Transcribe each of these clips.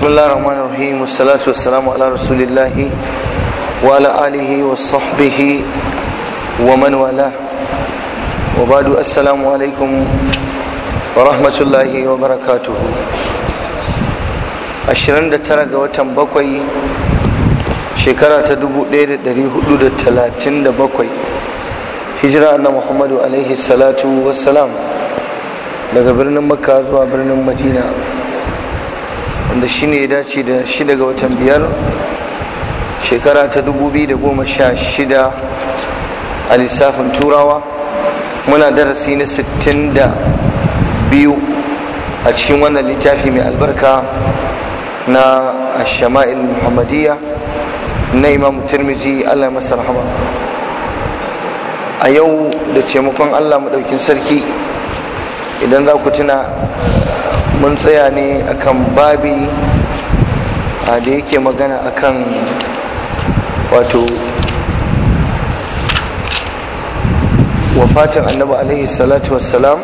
بسم الله الرحمن الرحيم والصلاة da ga watan bakwai shekara ta dubu da da hijira na muhammadu alaihi salatu wassalam daga birnin makka zuwa birnin madina wanda shine ya dace da shi daga watan biyar shekara ta 2016 a lissafin turawa muna darasi na 62 a cikin wannan littafi mai albarka na shama'il muhammadiyya na imam turmiji allah masa rahama a yau da taimakon allah maɗaukin sarki idan za ku tuna mun tsaya ne akan babi da yake magana akan wato wafatin annabi alaihi salatu wassalam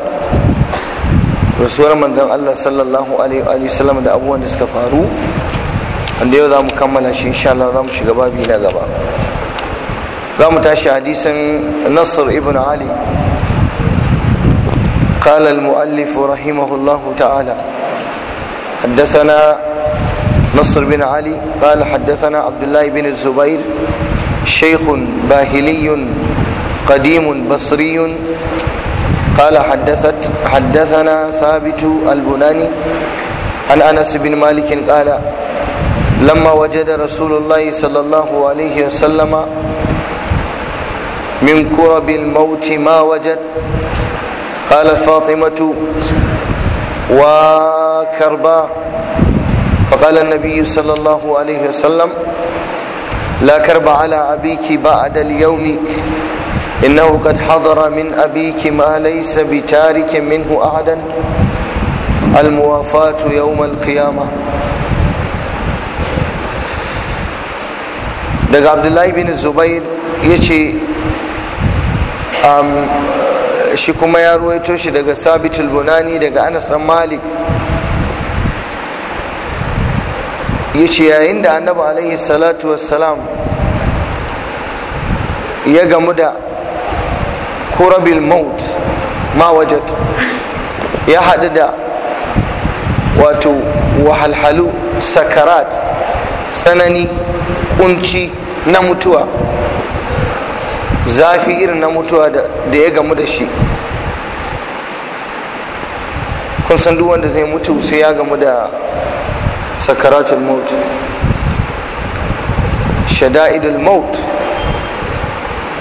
rasuwar manzan Allah sallallahu alaihi wa sallam da abubuwan da suka faru wanda yau za mu kammala shi insha Allah za mu shiga babi na gaba za mu tashi hadisin nasir ibn ali قال المؤلف رحمه الله تعالى حدثنا نصر بن علي قال حدثنا عبد الله بن الزبير شيخ باهلي قديم بصري قال حدثت حدثنا ثابت البناني عن انس بن مالك قال لما وجد رسول الله صلى الله عليه وسلم من كرب الموت ما وجد قالت فاطمة وكربا فقال النبي صلى الله عليه وسلم لا كرب على أبيك بعد اليوم إنه قد حضر من أبيك ما ليس بتارك منه أحدا الموافاة يوم القيامة daga abdullahi bin zubair ya ce shi kuma ya ruwaito shi daga sabitul bunani daga anas malik ya ce yayin da annabi alaihi salatu wassalam ya gamu da kurabil maut ma wajat ya haɗu da wato wahalhalu sakarat tsanani kunci na mutuwa zafi irin na mutuwa da ya gamu da shi kun san duk wanda zai mutu sai ya gamu da sakaratul maut shada'idul maut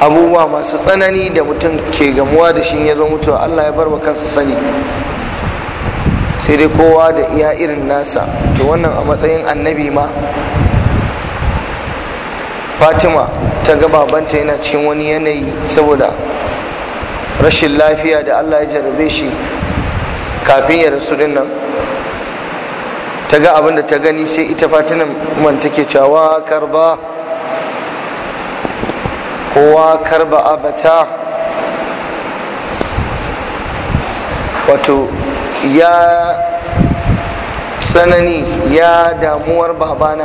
abubuwa masu tsanani da mutum ke gamuwa da shi ya zo mutuwa Allah ya bar wa kansa sani sai dai kowa da iya irin nasa to wannan a matsayin annabi ma fatima ta ga babanta yana cikin wani yanayi saboda rashin lafiya da allah ya jarabe shi kafin ya rasu din nan ta ga abin ta gani sai ita fatima man take cewa karba kowa karba abata wato ya tsanani ya damuwar babana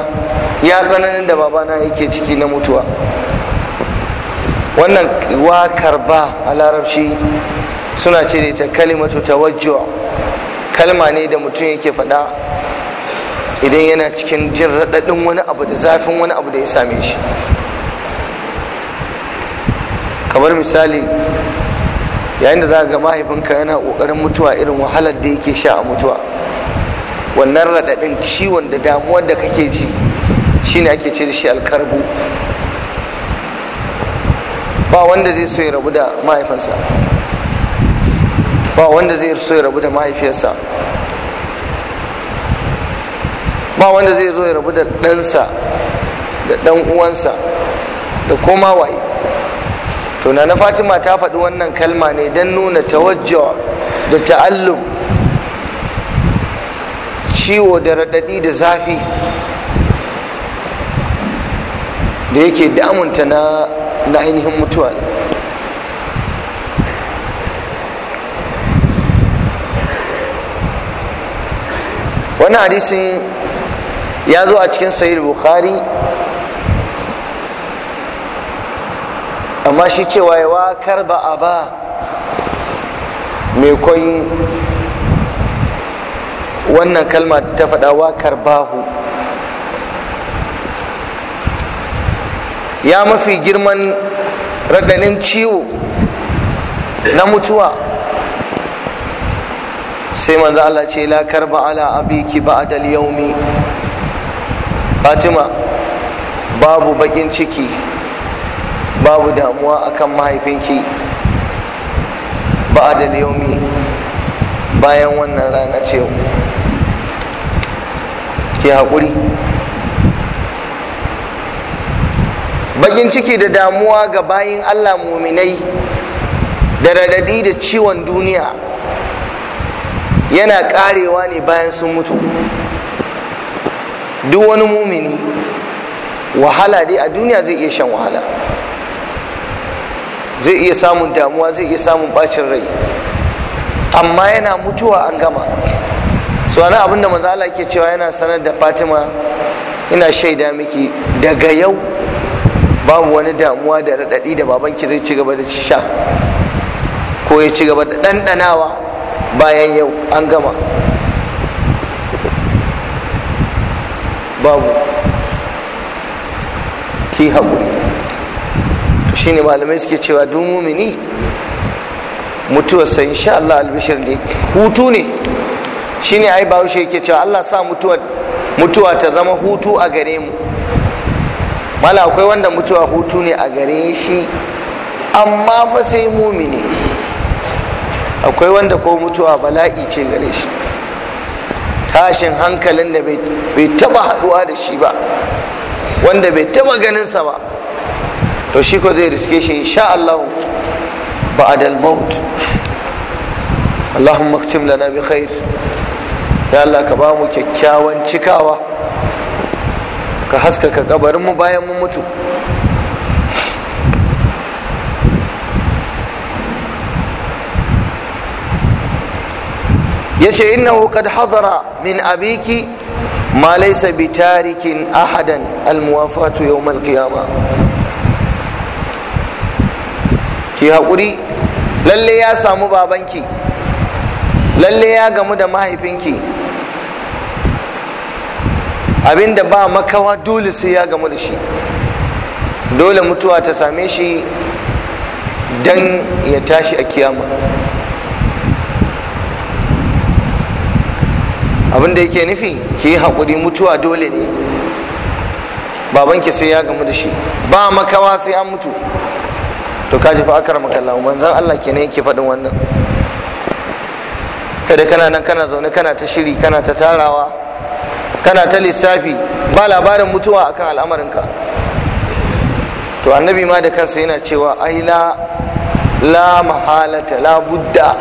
ya tsananin da babana yake ciki na mutuwa wannan wa karba a larabci suna ce ta kalimatu wajewa kalma ne da mutum yake faɗa idan yana cikin jin raɗaɗin wani abu da zafin wani abu da ya same shi kamar misali yayin da za ga mahaifinka yana ƙoƙarin mutuwa irin wahalar da yake sha a mutuwa wannan raɗaɗin ciwon da damuwar da kake ji shine ake ce da shi alkarbu ba wanda zai so ya rabu da mahaifinsa ba wanda zai so ya rabu da mahaifiyarsa ba wanda zai zo ya rabu da ɗansa da ɗan uwansa da koma waye to na fatima ta faɗi wannan kalma ne don nuna tawajjawa da ta'allum ciwo da raɗaɗi da zafi da yake damunta na na ainihin mutuwa ne wani hadisin ya zo a cikin sayil bukhari amma shi cewa ya wakar ba a ba mai koyi wannan kalma ta faɗa karbahu ya mafi girman raɗanin ciwo na mutuwa sai manzo Allah ce la karba ala abiki ba'dal yaumi Fatima babu bakin ciki babu damuwa akan mahaifinki ba'dal yaumi bayan wannan rana ce ke ki haƙuri bakin ciki da damuwa ga bayin allah muminai da radadi da ciwon duniya yana karewa ne bayan sun mutu duk wani mumini wahala dai a duniya zai iya shan wahala zai iya samun damuwa zai iya samun bacin rai amma yana mutuwa an gama so ana abin da ke cewa yana sanar da Fatima ina shaida miki daga yau babu wani damuwa da radadi da babanki zai ci gaba da sha ko ya ci gaba da ɗanɗanawa bayan yau an gama babu ki haƙuri ne malamai suke cewa duk mutuwarsa insha Allah albishir ne hutu ne shine ai shi yake cewa Allah sa mutuwa mutuwa ta zama hutu a gare mu mala akwai wanda mutuwa hutu ne a gare shi amma fa sai mumini akwai wanda ko mutuwa bala'i ce gare shi tashin hankalin da bai taba haduwa da shi ba wanda bai taba ganinsa ba to shi ko zai riske shi insha Allah بعد الموت اللهم اختم لنا بخير ya Allah ka ba mu kyakkyawan cikawa ka haskaka kabarinmu bayan mu mutu ya ce innahu qad hadara min abiki ma laysa bi tarikin ahadan almuwafatu yawm alqiyama ki haƙuri lalle ya samu babanki lalle ya gamu da mahaifinki abinda ba makawa dole sai ya gamu da shi dole mutuwa ta same shi don ya tashi a kiyama abinda yake nufi ki yi haƙuri mutuwa dole ne babanki sai ya gamu da shi ba makawa sai an mutu to kaji fa akramaka Allah zan Allah kenan yake faɗin wannan kada kana nan kana zaune kana ta shiri kana ta tarawa kana ta lissafi ba labarin mutuwa akan al'amarinka to annabi ma da kansa yana cewa ai la la mahalata la budda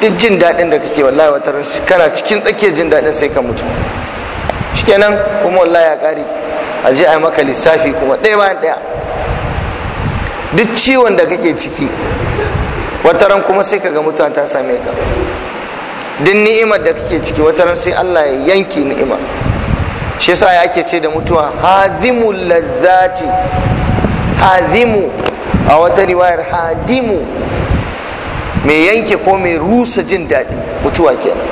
duk jin daɗin da kake wallahi wata kana cikin tsakiyar jin daɗin sai ka mutu shikenan kuma wallahi ya ƙari a je a yi maka lissafi kuma ɗaya bayan ɗaya duk ciwon da kake ciki wataran kuma sai ka ga mutuwa ta same ka duk ni'imar da kake ciki wataran sai Allah ya yanki ni'ima shi yasa ya ake ce da mutuwa hazimu lazzati hazimu a wata riwayar hadimu mai yanke ko mai rusa jin daɗi mutuwa kenan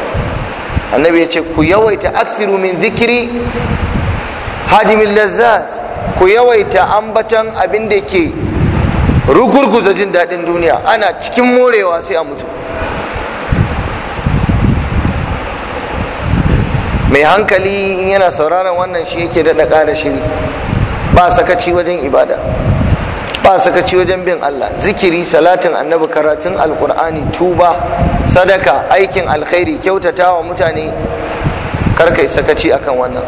annabi ya ce ku yawaita aksiru min zikiri hadimin lazzat ku yawaita ambatan abin da ke rukurkuza jin daɗin duniya ana cikin morewa sai a mutu mai hankali in yana sauraron wannan shi yake daɗa ƙara shiri ba sakaci wajen ibada ba sakaci wajen bin Allah zikiri salatin annabi karatun alkur'ani tuba sadaka aikin alkhairi wa mutane karkai sakaci akan wannan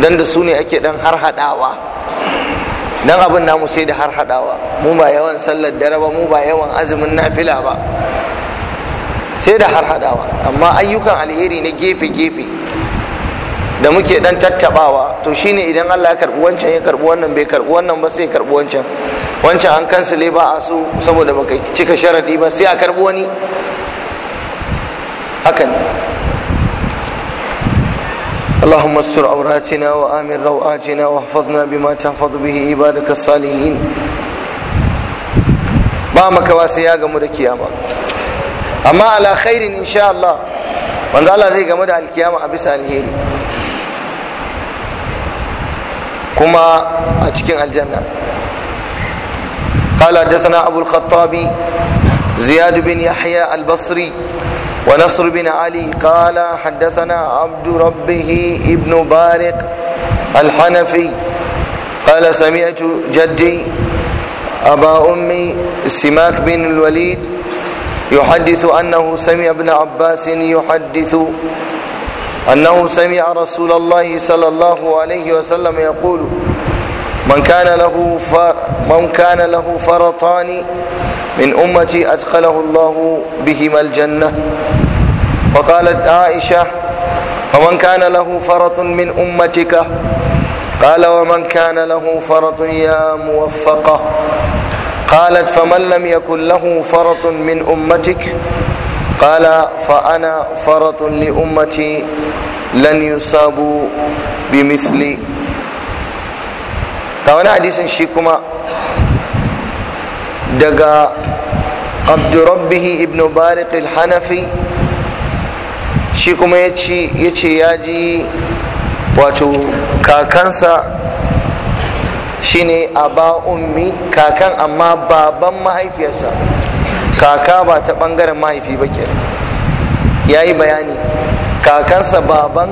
dan da su ne ake ɗan har haɗawa. nan abin namu sai da har hadawa mu ba yawan sallar dare ba mu ba yawan azumin nafila ba sai da har hadawa amma ayyukan alheri na gefe-gefe da muke dan tattabawa to shine idan Allah ya karbi wancan ya karbi wannan bai karbi wannan ba sai karbi wancan wancan an kansile ba a so saboda baka cika sharadi ba sai a karbi wani haka ne اللهم استر عوراتنا وآمن روآتنا واحفظنا بما تحفظ به عبادك الصالحين ba sai ya gamu da kiyama amma ala khairin insha Allah wanda Allah zai gamu da alkiyama a bisa alheri kuma a cikin aljanna قال حدثنا أبو الخطاب bin Yahya Al-Basri. ونصر بن علي قال حدثنا عبد ربه ابن بارق الحنفي قال سمعت جدي أبا أمي سماك بن الوليد يحدث أنه سمع ابن عباس يحدث أنه سمع رسول الله صلى الله عليه وسلم يقول من كان له من كان له فرطان من أمتي أدخله الله بهما الجنة وقالت عائشة ومن كان له فرط من أمتك قال ومن كان له فرط يا موفقة قالت فمن لم يكن له فرط من أمتك قال فأنا فرط لأمتي لن يصابوا بمثلي كان حديث شيكما daga abdurrabbihi ibn barik al-hanafi shi kuma ya ce ya ji wato kakansa shine a ummi kakan amma baban mahaifiyarsa kaka ba ta bangaren mahaifi ba ke ya yi bayani kakansa baban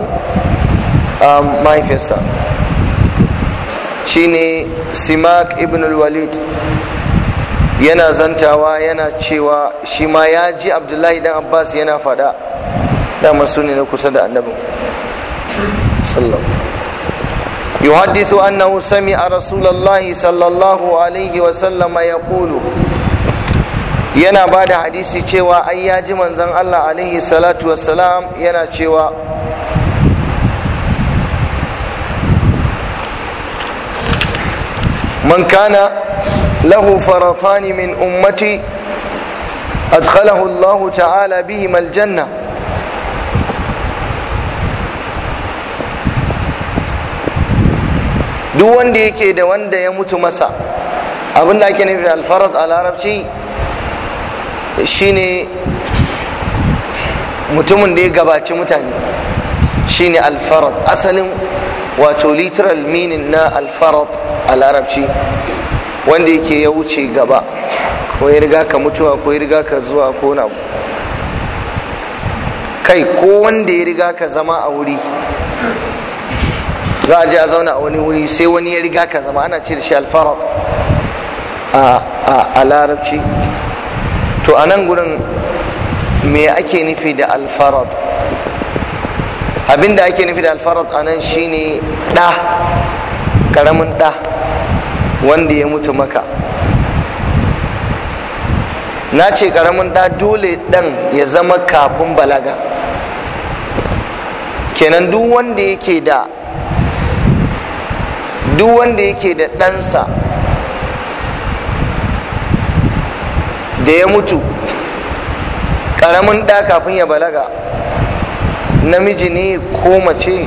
um, mahaifiyarsa shine simak ibn al-walid yana zantawa yana cewa shi ma ya ji abdullahi dan abbas yana fada daman su ne na kusa da annabin sallam yuhaddithu annahu sami'a rasulullahi sallallahu alaihi wa sallama kulu yana ba da hadisi cewa an ya ji manzan Allah alaihi salatu wassalam yana cewa man kana له فرطان من أمتي أدخله الله تعالى بهما الجنة duk wanda yake da wanda ya mutu masa abinda ake nufi alfarad a larabci shine mutumin da ya gabaci mutane shine alfarad asalin wato literal meaning na alfarad a larabci wanda yake ya wuce gaba ko ya riga ka mutuwa ko ya riga ka zuwa ko na kai ko wanda ya riga ka zama a wuri za a je a zauna a wani wuri sai wani ya riga ka zama ana cire shi alfarat a larabci to a nan gudun me ake nufi da alfarat abinda ake nufi da alfarat a nan shine ɗa ƙaramin ɗa wanda ya mutu maka na ce karamin da dole ɗan ya zama kafin balaga kenan duk wanda yake da duk wanda yake da ɗansa da ya mutu ƙaramin ɗa kafin ya balaga namiji ne ko mace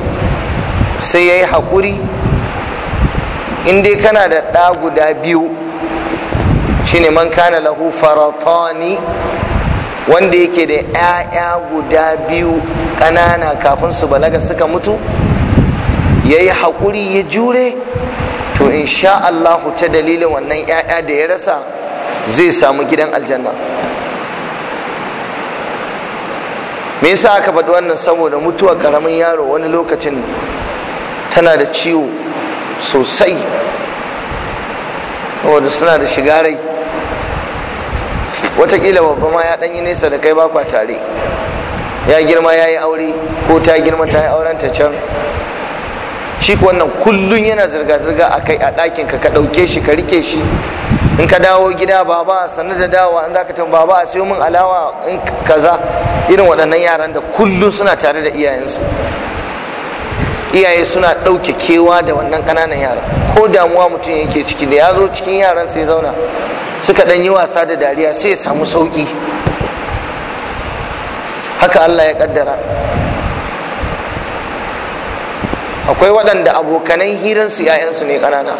sai ya yi haƙuri in kana da ɗa guda biyu shine man kana lahu faratani wanda yake da 'ya'ya guda biyu ƙanana kafin su balaga suka mutu ya yi haƙuri ya jure to in sha Allahu ta dalilin wannan 'ya'ya da ya rasa zai samu gidan aljanna me yasa aka faɗi wannan saboda mutuwar ƙaramin yaro wani lokacin tana da ciwo sosai wadda suna da shigarai. rai watakila babba ma ya yi nesa da kai bakwa tare ya girma ya yi aure ko ta girma ta yi auren ta can shi wannan kullum yana zirga-zirga a kai a ɗakin ka ka ɗauke shi ka rike shi in ka dawo gida baba sannu da dawa in zaka tun baba a siyo min alawa in kaza irin waɗannan yaran da kullum suna tare da iyayensu iyaye suna ɗauke kewa da wannan ƙananan yara ko damuwa mutum yake ciki da ya zo cikin yaran sai zauna suka ɗan yi wasa da dariya sai ya samu sauƙi haka Allah ya ƙaddara akwai waɗanda abokanan hiransu 'ya'yansu ne ƙanana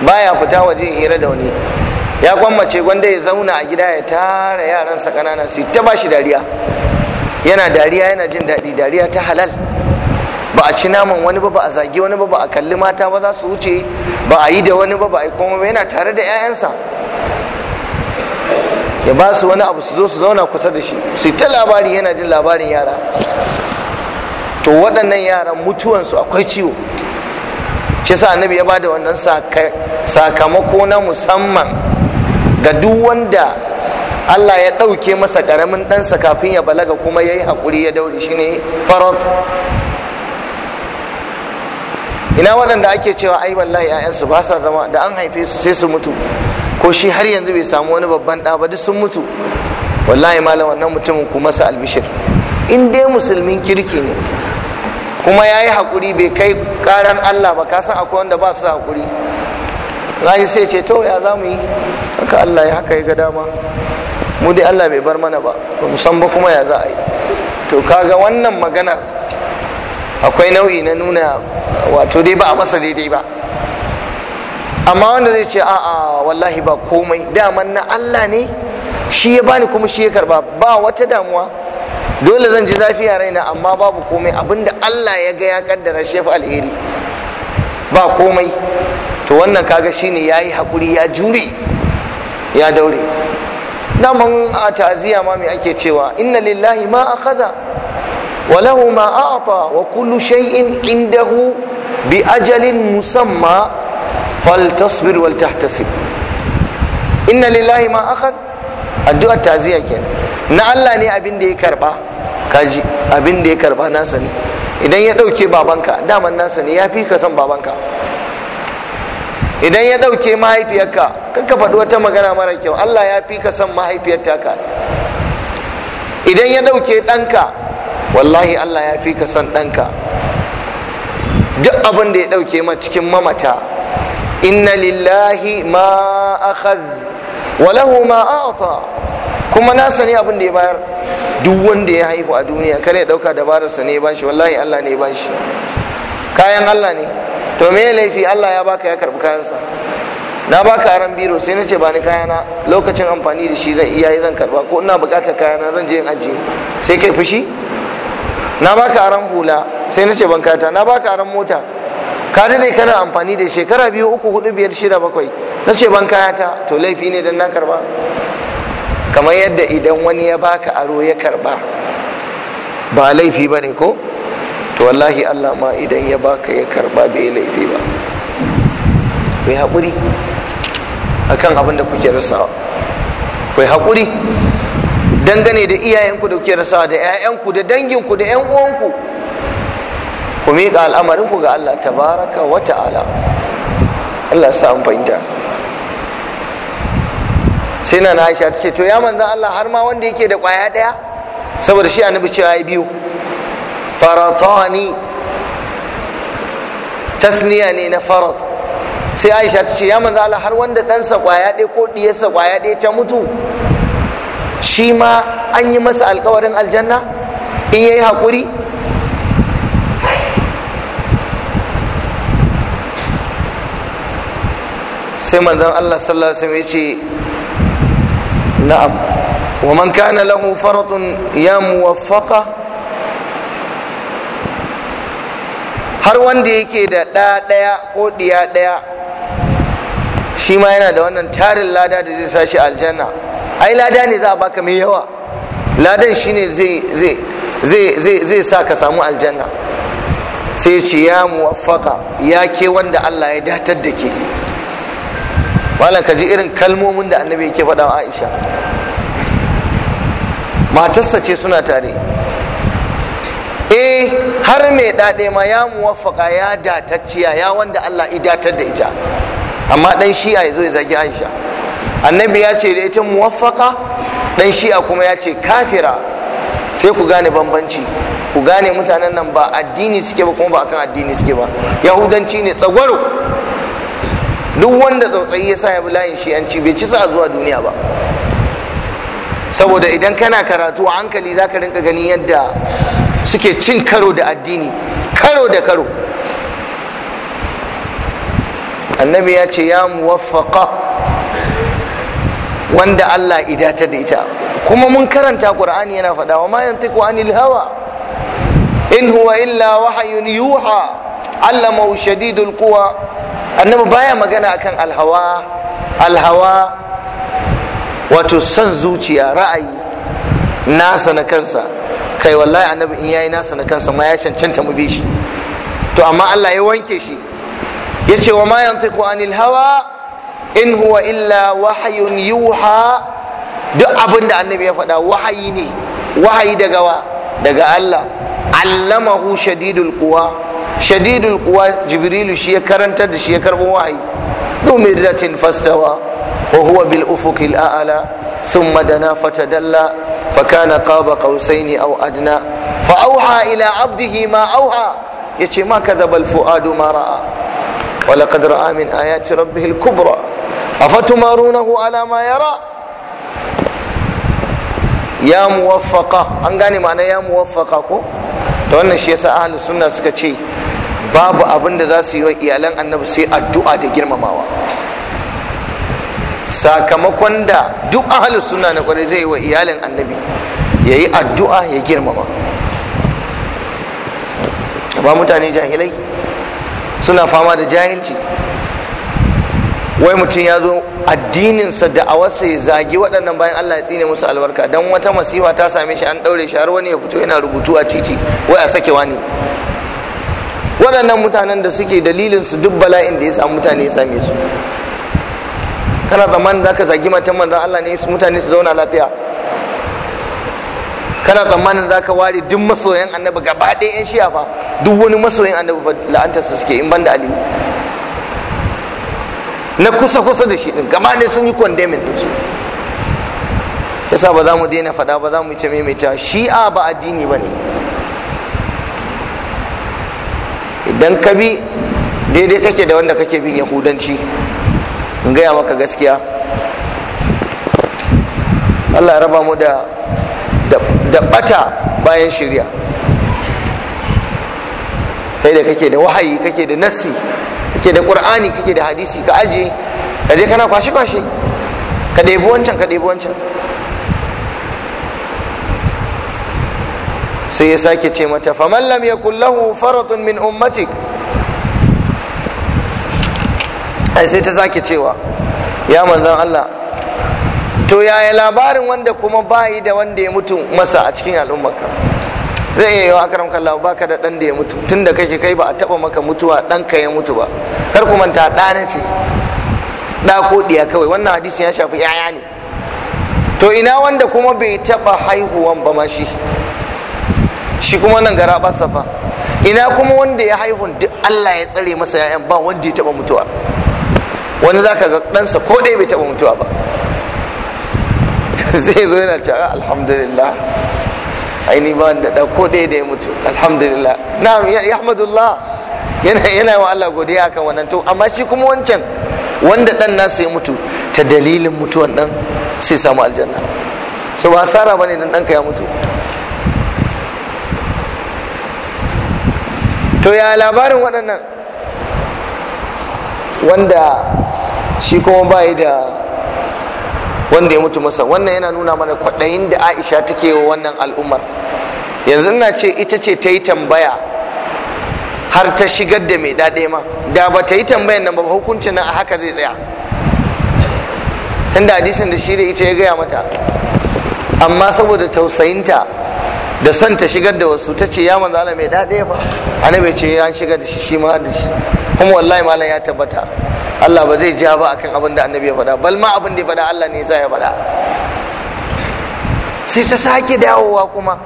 baya fita waje hira da wani ya gwammace gwanda ya zauna a gida ya tara yaransa ƙanana su ta ba shi dariya yana dariya yana jin daɗi dariya ta halal ba a ci naman wani ba ba a zagi wani ba ba a kalli mata ba za su wuce ba a yi da wani ba ba a yi komai ba yana tare da 'ya'yansa ya ba su wani abu su zo su zauna kusa da shi su ta labari yana jin labarin yara to waɗannan yaran mutuwansu akwai ciwo shi sa annabi ya ba da wannan sakamako na musamman ga duk wanda Allah ya ɗauke masa ƙaramin ɗansa kafin ya balaga kuma ya yi haƙuri ya daure shi ne farot ina waɗanda ake cewa ai wallahi ƴaƴansu ba sa zama da an haife su sai su mutu ko shi har yanzu bai samu wani babban ɗa ba duk sun mutu wallahi malam wannan mutumin kuma masa albishir in dai musulmin kirki ne kuma ya yi haƙuri bai kai ƙaran Allah ba ka san akwai wanda ba su haƙuri zai sai ce to ya za mu yi haka Allah ya haka ya ga dama mu dai Allah bai bar mana ba ba san ba kuma ya za a yi to kaga wannan maganar akwai nau'i na nuna wato dai ba a masa daidai ba amma wanda zai ce a'a wallahi ba komai daman na Allah ne shi ya bani kuma shi ya karba ba wata damuwa dole zan ji zafi a raina amma babu komai abinda Allah ya ga ya kaddara shi alheri ba komai to wannan kaga shi shine yayi hakuri ya jure ya daure daman a ta'aziyya ma me ake cewa inna lillahi ma akhadha وله ما أعطى وكل شيء عنده بأجل مسمى فلتصبر ولتحتسب إن لله ما أخذ addu'ar taziya kenan na Allah ne abin da ya karba kaji abin da ya karba nasa ne idan ya dauke babanka daman nasa ne ya fi ka san babanka idan ya dauke mahaifiyarka kanka faɗi wata magana mara kyau Allah ya fi ka san mahaifiyar taka idan ya dauke ɗanka wallahi Allah ya fi ka son ɗanka duk abin da ya ɗauke ma cikin mamata inna lillahi ma akhadh wa lahu ma a'ta kuma na sani abin da ya bayar duk wanda ya haifu a duniya kare ya ɗauka dabararsa ne ya bashi. wallahi Allah ne ya bashi. kayan Allah ne to me laifi Allah ya baka ya karbi kayansa na baka aran biro sai na ce ba ni kayana lokacin amfani da shi zan iya yi zan karba ko ina bukatar kayana zan je in ajiye sai kai fushi na baka aran hula sai na ce ban kata na baka aran mota ka dai kana amfani da shekara biyu uku hudu biyar shida bakwai na ce ban kayata to laifi ne dan na karba kamar yadda idan wani ya baka aro ya karba ba laifi ba ne ko to wallahi allah ma idan ya baka ya karba bai laifi ba kai haƙuri akan abin da kuke rasawa kai haƙuri dangane da iyayenku da kuke rasa da ƴaƴanku da danginku da ƴan uwanku ku miƙa al'amarinku ga Allah tabaraka wa ta'ala Allah sa an fahimta sai na Aisha ta ce to ya manzo Allah har ma wanda yake da ƙwaya ɗaya saboda shi annabi cewa ya biyu faratani tasniya ne na farat sai Aisha ta ce ya manzo Allah har wanda ɗansa ƙwaya ɗaya ko ɗiyarsa ƙwaya ɗaya ta mutu shi ma an yi masa alkawarin aljanna in ya yi haƙuri sai manzan Allah sallallahu alaihi wasallam ya ce na'am wa man kana lahu faratun ya muwaffaqa har wanda yake da ɗa ɗaya ko ɗiya ɗaya shi ma yana da wannan tarin lada da zai sashi aljanna ai lada ne za a baka mai yawa ladan shine zai sa ka samu aljanna sai ce ya muwaffaka ya ke wanda Allah ya datar da ke wala ka ji irin kalmomin da annabi yake faɗa Aisha matarsa ce suna tare eh har mai daɗe ma ya muwaffaka ya datacciya ya wanda Allah datar da ita amma ɗan shi'a ya zo ya zagi Aisha annabi ya ce da ita muwaffaka dan shi'a kuma ya ce kafira sai ku gane bambanci ku gane mutanen nan ba addini suke ba kuma ba akan addini suke ba yahudanci ne tsagwaro duk wanda tsautsayi ya sa ya bi layin shi'anci bai ci sa zuwa duniya ba saboda idan kana karatu a hankali za ka rinka ganin yadda suke cin karo da addini karo da karo annabi ya ce ya muwaffaka wanda Allah idata da ita kuma mun karanta Qur'ani yana faɗa wa ma yantiqu anil hawa in huwa illa wahayun yuha allamahu shadidul quwa annabi baya magana akan alhawa alhawa wato son zuciya ra'ayi nasa na kansa kai wallahi annabi in yayi nasa na kansa ma ya cancanta mu bi shi to amma Allah ya wanke shi yace wa ma yantiqu anil hawa in huwa illa wahayun yuha duk abin da annabi ya faɗa wahayi ne wahayi daga wa daga Allah allamahu shadidul quwa shadidul quwa jibrilu shi ya karantar da shi ya karbo wahayi dumiratin fastawa wa huwa bil ufuqil a'la ثم fata dalla. فكان قاب قوسين او ادنى فاوحى الى عبده ما اوحى yace ma kadhaba fuadu ma ra'a ولقد رأى من آيات ربه الكبرى أفتمارونه على ما يرى ya muwaffaka an gane ma'ana ya mu muwaffaka ko da wannan shi yasa ahlus sunna suka ce babu abin da za su yi wa iyalan annabi sai addu'a da girmamawa sakamakon da duk ahlus sunna na kwarai zai yi wa iyalan annabi ya yi addu'a ya girmama ba mutane jahilai suna fama da jahilci wai mutum ya zo addininsa da a wasu ya zagi waɗannan bayan Allah ya tsine musu albarka don wata masifa ta same shi an ɗaure shi har wani ya fito yana rubutu a titi wai a sakewa ne waɗannan mutanen da suke dalilin su duk bala'in da ya samu mutane ya same su kana zaman da ka zagi matan manzan Allah ne mutane su zauna lafiya kana tsammanin zaka ware duk masoyan annabi gaba ɗaya yan shiya fa duk wani masoyan annabi fa su suke in ban da aliyu na kusa kusa da shi din gaba ɗaya sun yi condemning din su yasa ba za mu daina faɗa ba za mu ce maimaita shi'a ba addini ba ne idan ka bi daidai kake da wanda kake bin yahudanci in gaya maka gaskiya allah ya raba mu da da bata bayan shirya kai da kake da wahayi kake da nassi kake da qur'ani kake da hadisi ka aje ka je kana kwashi kwashi ka ɗebi wancan ka ɗebi wancan sai ya sake ce mata faman lam yakul lahu faratun min ummatik ai sai ta sake cewa ya manzan Allah to yaya labarin wanda kuma bayi da wanda ya mutu masa a cikin al'ummarka zai iya yawa akaram ba ka da ɗan da ya mutu tunda kake kai ba a taɓa maka mutuwa ɗan ka ya mutu ba kar kuma ta ɗana ce da ko diya kawai wannan hadisi ya shafi yaya ne to ina wanda kuma bai taɓa haihuwan ba ma shi shi kuma nan gara ba safa ina kuma wanda ya haihun duk Allah ya tsare masa yayan ba wanda ya taɓa mutuwa wani zaka ga ɗansa ko ɗaya bai taɓa mutuwa ba sai zo yana cewa alhamdulillah aini ba da ko ɗaya da ya mutu alhamdulillah na'am ya ahmadullah yana yana wa Allah godiya kan wannan to amma shi kuma wancan wanda dan nasu ya mutu ta dalilin mutuwan dan sai samu aljanna so ba asara bane dan danka ya mutu to ya labarin waɗannan wanda shi kuma bai da wanda ya mutu masa wannan yana nuna mana kwaɗayin da aisha take wa wannan al'ummar yanzu na ce ita ce ta yi tambaya har ta shigar da mai daɗe ma da ba ta yi tambayan nan ba hukuncin nan a haka zai tsaya tun da hadisin da shi da ita ya gaya mata amma saboda tausayinta da son ta shigar da wasu ta ce ya manzo Allah mai daɗe ba annabi ce ya shigar da shi shi ma da shi kuma wallahi malam ya tabbata Allah ba zai ja ba akan abin da annabi ya faɗa bal ma abin da ya faɗa Allah ne ya faɗa sai ta sake dawowa kuma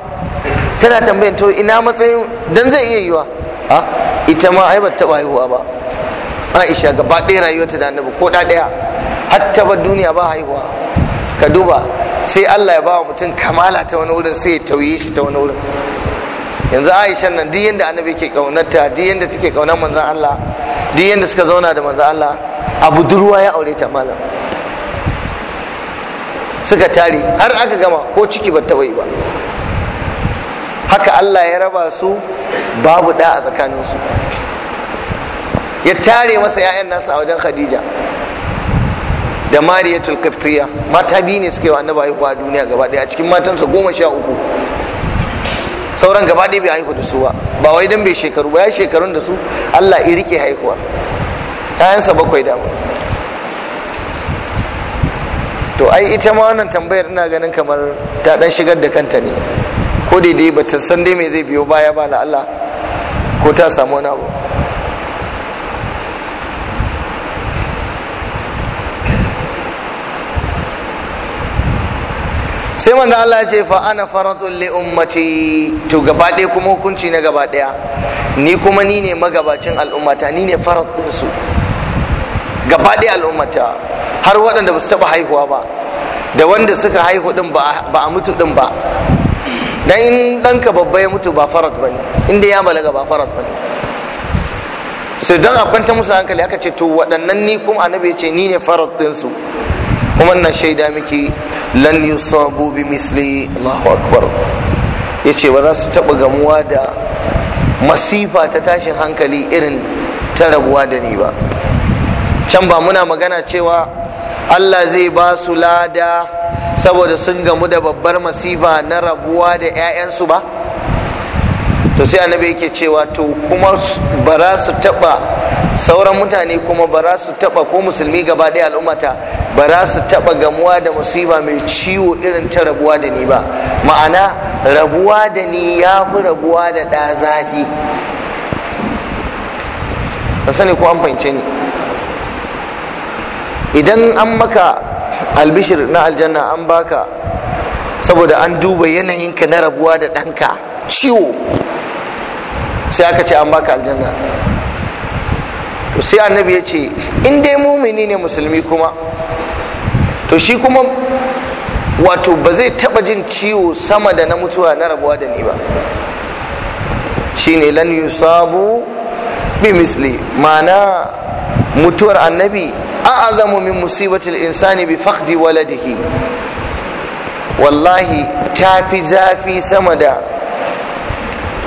tana tambayin to ina matsayin dan zai iya yiwa a ita ma ai ba taɓa haihuwa ba Aisha gaba ɗaya rayuwarta da annabi ko da ɗaya har ta ba duniya ba haihuwa ka duba sai Allah ya ba wa mutum kamala ta wani wurin sai ya tauye shi ta wani wurin yanzu Aisha nan duk yanda annabi ke kaunarta duk yanda take kaunar manzon Allah duk yanda suka zauna da manzon Allah a budurwa ya aure ta malam suka tare har aka gama ko ciki ba ta bai ba haka Allah ya raba su babu da a tsakaninsu ya tare masa 'ya'yan nasa a wajen Khadija da Mariya kaftiya mata biyu ne suke wa annaba haihuwa a duniya gaba ɗaya a cikin matansa goma sha uku sauran gaba ɗaya bai haihu da su ba ba wai don bai shekaru ba ya shekarun da su Allah iri rike haihuwa ƴaƴansa bakwai dama to ai ita ma wannan tambayar ina ganin kamar ta dan shigar da kanta ne ko daidai ba ta san dai mai zai biyo baya ba la ko ta samu wani abu sai manzo Allah ya ce fa ana faratun li ummati to gaba ɗaya kuma hukunci na gaba ɗaya ni kuma ni ne magabacin al'ummata ni ne farat ɗin su gaba ɗaya al'ummata har waɗanda ba su taɓa haihuwa ba da wanda suka haihu ɗin ba a mutu ɗin ba dan in ɗanka babba ya mutu ba farat ba ne inda ya balaga ba farat ba ne sai don a kwanta musu hankali aka ce to waɗannan ni kuma annabi ya ce ni ne farat ɗinsu kuma ina shaida miki lan yusabu bi misli Allahu akbar yace ba za su taba gamuwa da masifa ta tashin hankali irin ta rabuwa da ni ba can ba muna magana cewa Allah zai ba su lada saboda sun gamu da babbar masifa na rabuwa da 'ya'yansu ba to sai annabi yake cewa to kuma ba su taba sauran mutane kuma ba su taba ko musulmi gaba ɗaya al'ummata ba za su taba gamuwa da musiba mai ciwo irin ta rabuwa da ni ba ma'ana rabuwa da ni ya fi rabuwa da da zafi ba sani ko an fahimce ni idan an maka albishir na aljanna an baka saboda an duba yanayinka na rabuwa da ɗanka ciwo sai aka ce an baka aljanna sai annabi ya ce in dai mumini ne musulmi kuma to shi kuma wato ba zai taba jin ciwo sama da na mutuwa na rabuwa da ni ba shine lan yusabu bi misli mana mutuwar annabi a'azamu min musibatul insani bi faqdi waladihi wallahi tafi zafi sama da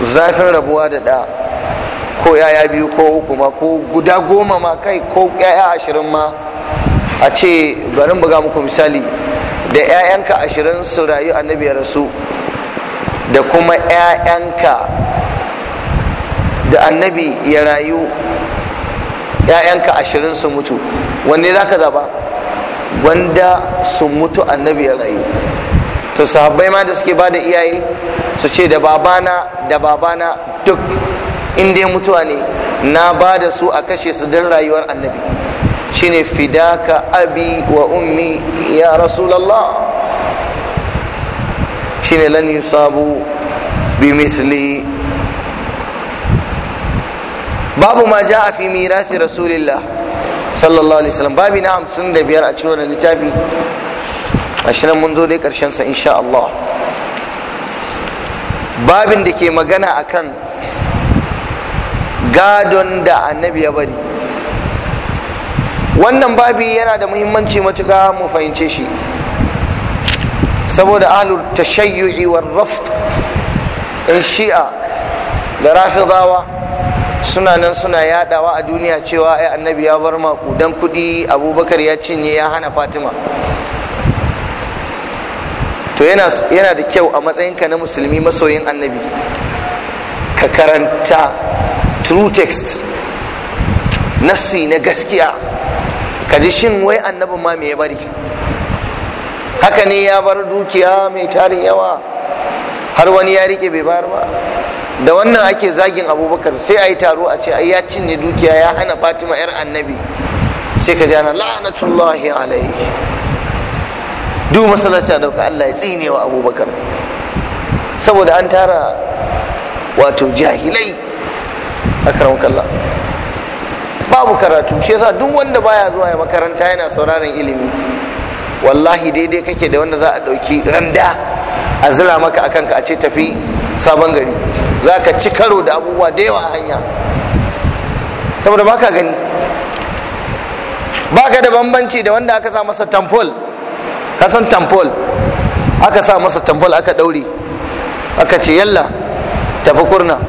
zafin rabuwa da ɗa ko yaya biyu ko uku ko guda goma ma kai ko yaya ashirin ma a ce garin buga muku misali da 'ya'yanka ashirin su rayu annabi ya rasu da kuma 'ya'yanka da annabi ya rayu 'ya'yanka ashirin su mutu wanne za ka zaba wanda su mutu annabi ya rayu to sahabbai ma da suke bada iyaye su ce da babana da babana duk in dai mutuwa ne na ba da su a kashe su don rayuwar annabi shine fidaka abi wa ummi ya rasulallah shine lan yusabu bi misli babu ma a fi mirasi rasulillah sallallahu alaihi wasallam babi na 55 a cikin littafi gashi nan mun zo dai karshen sa insha Allah babin da ke magana akan gadon da annabi ya bari wannan babi yana da muhimmanci matuƙa mu fahimce shi saboda ahlul tashayyu'i war raft in shi'a da rafidawa suna nan suna yadawa a duniya cewa ai annabi ya bar maku. Dan kuɗi abubakar ya cinye ya hana fatima to yana da kyau a matsayinka na musulmi masoyin annabi ka karanta true text nasi na gaskiya ka ji shin wai annabin ma me ya bari haka ne ya bar dukiya mai tarin yawa har wani ya rike bai bar ba da wannan ake zagin abubakar sai a yi taro a ce ai ya cinye dukiya ya hana fatima yar annabi sai ka jana la'anatullahi alaihi duk masallaci a dauka Allah ya tsine wa abubakar saboda an tara wato jahilai a kalla babu karatu shi yasa duk wanda baya zuwa ya makaranta yana sauraron ilimi wallahi daidai kake da wanda za a dauki randa a zira maka akan ka a ce tafi sabon gari za ka ci karo da abubuwa da yawa a hanya saboda ba ka gani baka da bambanci da wanda aka sa masa tamfol kasan tamfol aka sa masa tamfol aka ɗauri, aka ce yalla tafi kurna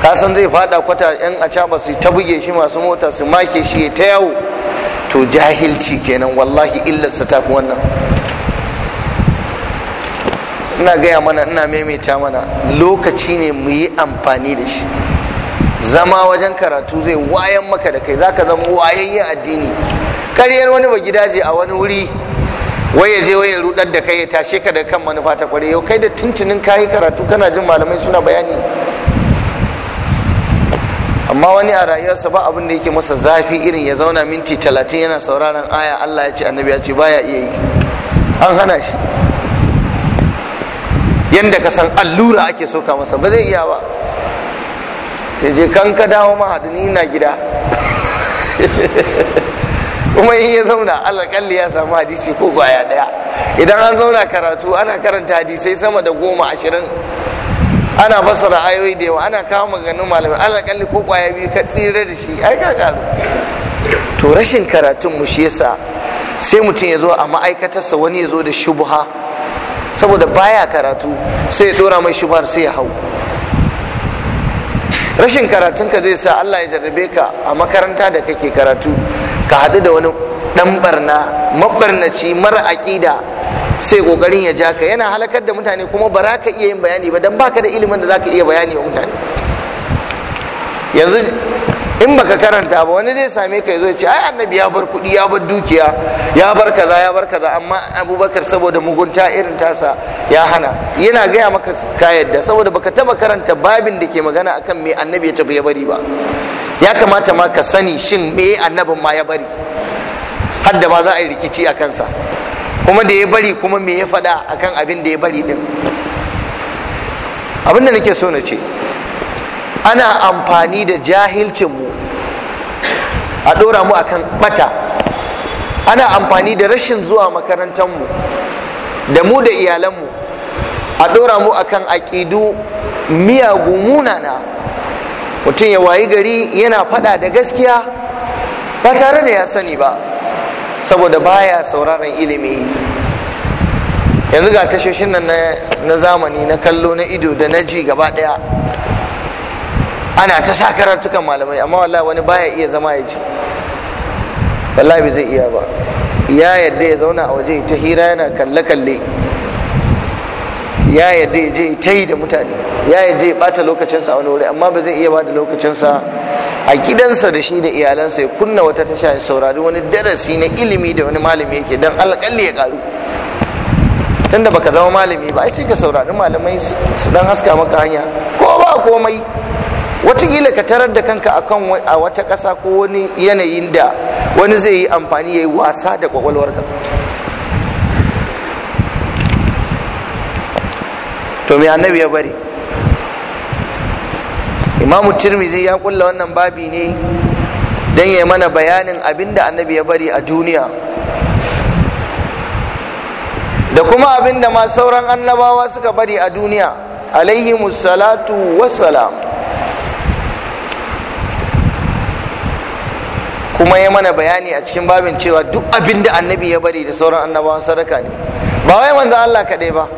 kasan zai fada kwata yan acaba su ta buge shi masu mota su make shi ta yawo to jahilci kenan wallahi illarsa ta fi wannan ina gaya mana ina maimaita mana lokaci ne mu yi amfani da shi zama wajen karatu zai wayan maka da kai zaka zama wayayyen addini ƙaryar wani ba gidaje a wani wuri wai je wai rudar da kai ya tashe ka da kan manufa ta kware yau kai da tuntunin kayi karatu kana jin malamai suna bayani amma wani a rayuwarsa ba abin da yake masa zafi irin ya zauna minti talatin yana sauraron aya Allah ya ce annabi ya ce baya iya yi an hana shi yanda ka san allura ake soka masa ba zai iya ba sai je kan ka dawo mahadini na gida kuma in ya zauna alakalli ya samu hadisi ko gwaya daya idan an zauna karatu ana karanta hadisai sama da goma ashirin ana fassara ayoyi da yawa ana kawo maganin malamai alakalli ko kwaya biyu ka tsira da shi ai ka to rashin karatun mu shi yasa sai mutum ya zo a ma'aikatarsa wani ya zo da shubha saboda baya karatu sai ya dora mai shubhar sai ya hau rashin karatun ka zai sa Allah ya jarrabe ka a makaranta da kake karatu ka haɗu da wani ɗan barna mabarnaci mara aƙida sai ƙoƙarin ya ja ka yana halakar da mutane kuma ba za ka iya yin bayani ba don baka da ilimin da za ka iya bayani wa mutane yanzu in baka karanta ba wani zai same ka yazo ce ai annabi ya bar kuɗi ya bar dukiya ya bar kaza ya bar kaza amma abubakar saboda mugunta irin tasa ya hana yana gaya maka ka yadda saboda baka taba karanta babin da ke magana akan me annabi ya tafi ya bari ba ya kamata ma ka sani shin me annabin ma ya bari hadda ma za a yi rikici a kansa kuma da ya bari kuma me ya faɗa akan abin da ya bari din abin da nake so na ce ana amfani da jahilcinmu a ɗora mu akan bata ana amfani da rashin zuwa makarantar mu, da mu da iyalan mu, a ɗora mu akan aƙidu miyagu munana mutum ya wayi gari yana fada da gaskiya ba tare da ya sani ba saboda baya sauraron ilimi yanzu ga tashoshin nan na zamani na kallo na ido da na ji gaba daya ana ta sa karatukan malamai amma wallahi wani baya iya zama ya ji wallahi zai iya ba ya yadda ya zauna a waje ta hira yana kalle-kalle ya zai je ta yi da mutane ya yarda bata lokacinsa a wani wuri amma ba zai iya bada lokacinsa a gidansa da shi da iyalansa ya kunna wata tasha ya saurari wani darasi na ilimi da wani malami yake dan alƙalli ya karu tunda baka zama malami ba ai sai ka saurari malamai su dan haska maka hanya ko ba komai watakila ka tarar da kanka kan a wata ƙasa ko wani yanayin da wani zai yi amfani ya yi wasa da ka. to me annabi ya bari imamu tirmizi ya kulla wannan babi ne don ya mana bayanin abinda annabi ya bari a duniya da kuma abinda ma sauran annabawa suka bari a duniya alaihimu salatu wassalam kuma ya mana bayani a cikin babin cewa duk abinda annabi ya bari da sauran Annabawa sadaka ne ba wai manzo Allah kaɗai ba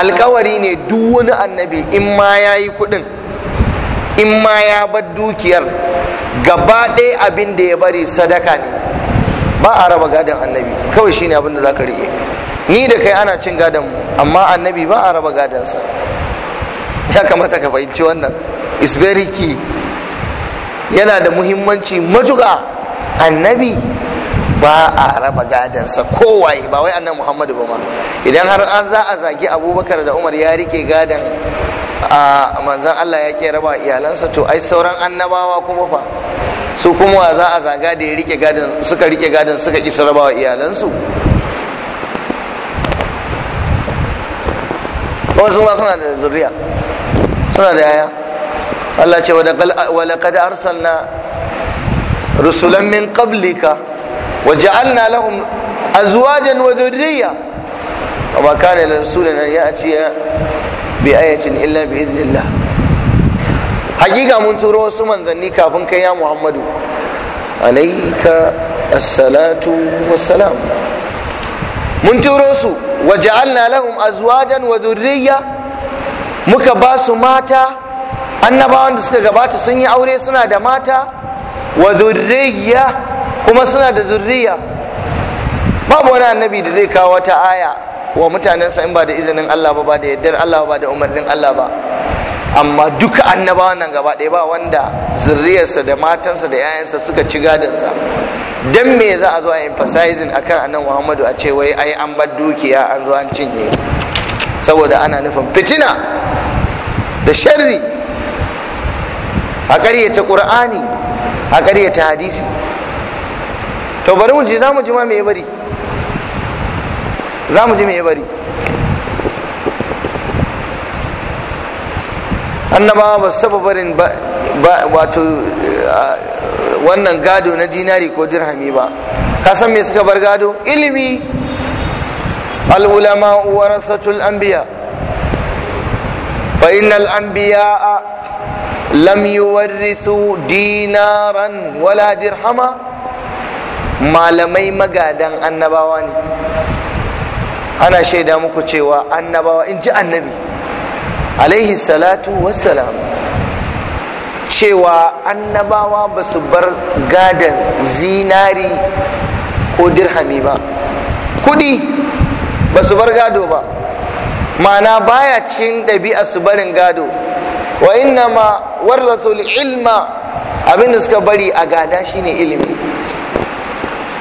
alkawari ne duk wani annabi in ma ya yi kuɗin in ma ya bar dukiyar gaba ɗaya abin da ya bari sadaka ne ba a raba gadon annabi kawai shine abin da za ka riƙe ni da kai ana cin gadon mu amma annabi ba a raba gadonsa ya kamata ka fahimci wannan is yana da muhimmanci matuƙa annabi ba a raba gadansa kowaye ba wai annan muhammadu ba ma idan har an za a zagi abubakar da umar ya rike gadan a manzan allah ya ke raba iyalansa to ai sauran annabawa kuma fa su kuma za a zaga da ya rike gadan suka rike gadan suka ƙi rabawa iyalansu wasu ma suna da zuriya suna da yaya allah ce wa laqad arsalna rusulan min qablika وجعلنا لهم أزواجا وذرية وما كان لرسول أن يأتي بآية إلا بإذن الله حقيقة من تروا سمن ذنيك أفنك يا محمد عليك الصلاة والسلام mun turo su wa ja'alna lahum azwajan muka ba su mata annabawan da suka gabata sun yi aure suna da mata wa kuma suna da zurriya babu wani annabi da zai kawo wata aya wa mutanensa in ba da izinin Allah ba ba da yardar Allah ba da umarnin Allah ba amma duka annabawan nan gaba ɗaya ba wanda zurriyarsa da matansa da 'ya'yansa suka ci gadansa don me za a zo a emphasizing akan annan muhammadu a ce wai ai an bar dukiya an zo an cinye saboda ana nufin fitina da sharri a ƙaryata ƙur'ani a ƙaryata hadisi to bari mu ji za mu ji ma me bari za mu ji me bari Annaba ba saba barin wato wannan gado na dinari ko dirhami ba ka san me suka bar gado ilimi al'ulama warasatul anbiya fa innal anbiya lam yuwarrisu dinaran wala dirhama malamai magadan annabawa ne ana shaida muku cewa annabawa in ji annabi alaihi salatu wassalam cewa annabawa ba su bar gadan zinari ko dirhami ba kudi ba su bar gado ba ma'ana baya cin ɗabi'a su barin gado wa inna ma warrasul ilma abinda suka bari a gada shine ilimi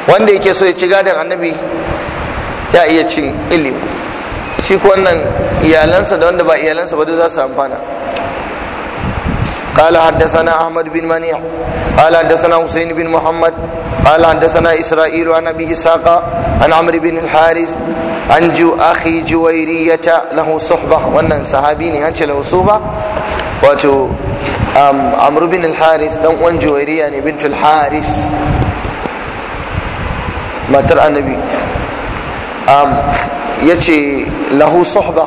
wanda yake so ya ci gadon annabi ya iya cin ilimi shi ko wannan iyalansa da wanda ba iyalansa ba duk za su amfana قال حدثنا احمد بن منيع قال حدثنا حسين بن محمد قال حدثنا اسرائيل عن ابي اسحاق عن عمرو بن الحارث عن جو اخي جويريه له صحبه وان صحابي ne له صحبه wato عمرو بن الحارث dan uwan juwairiya ne bintul matar annabi ya ce lahu suhba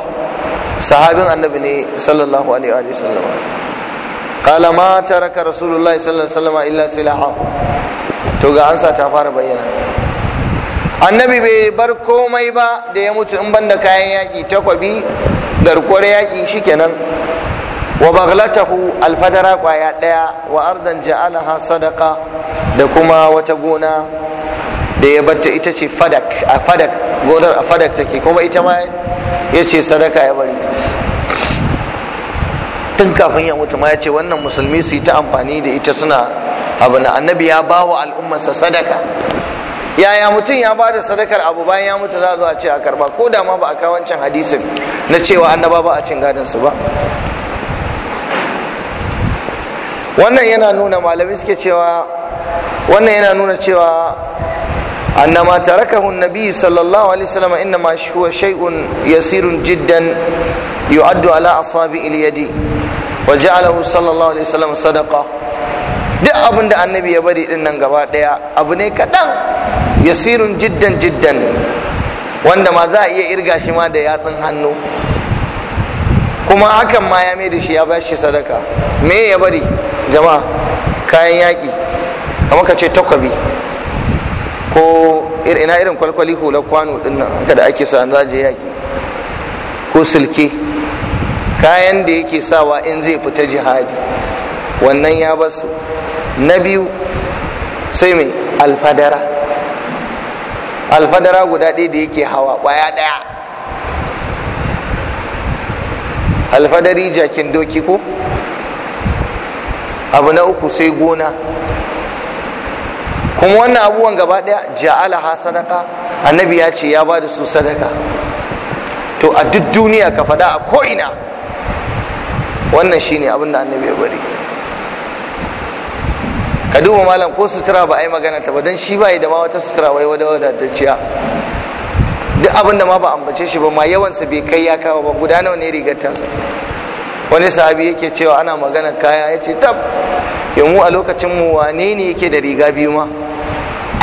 sahabin annabi ne sallallahu alaihi wa sallam ma taraka rasulullahi sallallahu alaihi wasallam illa silaha to ga ansa ta fara bayyana annabi bai bar komai ba da ya mutu in banda kayan yaki takwabi garkuwar yaƙi, shikenan wa baglatahu alfadara kwaya daya wa ardan ja'alaha sadaqa da kuma wata gona da ya bata ita ce fadak a fadak gonar a fadak take kuma ita ma ya ce sadaka ya bari tun kafin ya mutu ma ya ce wannan musulmi su yi ta amfani da ita suna abu na annabi ya ba wa al'ummarsa sadaka yaya mutum ya ba da sadakar abu bayan ya mutu za a ce a karba ko da ma ba a kawo wancan hadisin na cewa annaba ba a cin gadon su ba wannan yana nuna malamin suke cewa wannan yana nuna cewa أن ما تركه النبي صلى الله عليه وسلم إنما هو شيء يسير جدا يعد على أصابع اليد وجعله صلى الله عليه وسلم صدقة duk abin da annabi ya bari din nan gaba daya abu ne kaɗan yasirun jiddan jiddan wanda ma za a iya irga shi ma da yatsun hannu kuma hakan ma ya da shi ya bashi sadaka me ya bari jama'a kayan yaƙi Kama ka ce takwabi ko ina irin kwalkwali hular kwano din nan da ake sa za yaki ko silke kayan da yake sawa in zai fita jihadi wannan ya basu na biyu sai mai alfadara alfadara guda ɗaya da yake hawa ɓaya ɗaya alfadari jakin doki ko abu na uku sai gona kuma wannan abubuwan gaba daya ha sadaka annabi ya ce ya bada su sadaka to a duk duniya ka fada a ko'ina wannan shine abin da annabi ya bari ka duba malam ko sutura ba a yi magana ta ba don shi ba yi da ma wata sutura wai wada wadatacciya duk abinda ma ba ambace shi ba ma yawansa bai kai ya kawo ba guda nawa ne rigar tasa wani sabi yake cewa ana magana kaya ya ce tab mu a lokacin mu wane ne yake da riga biyu ma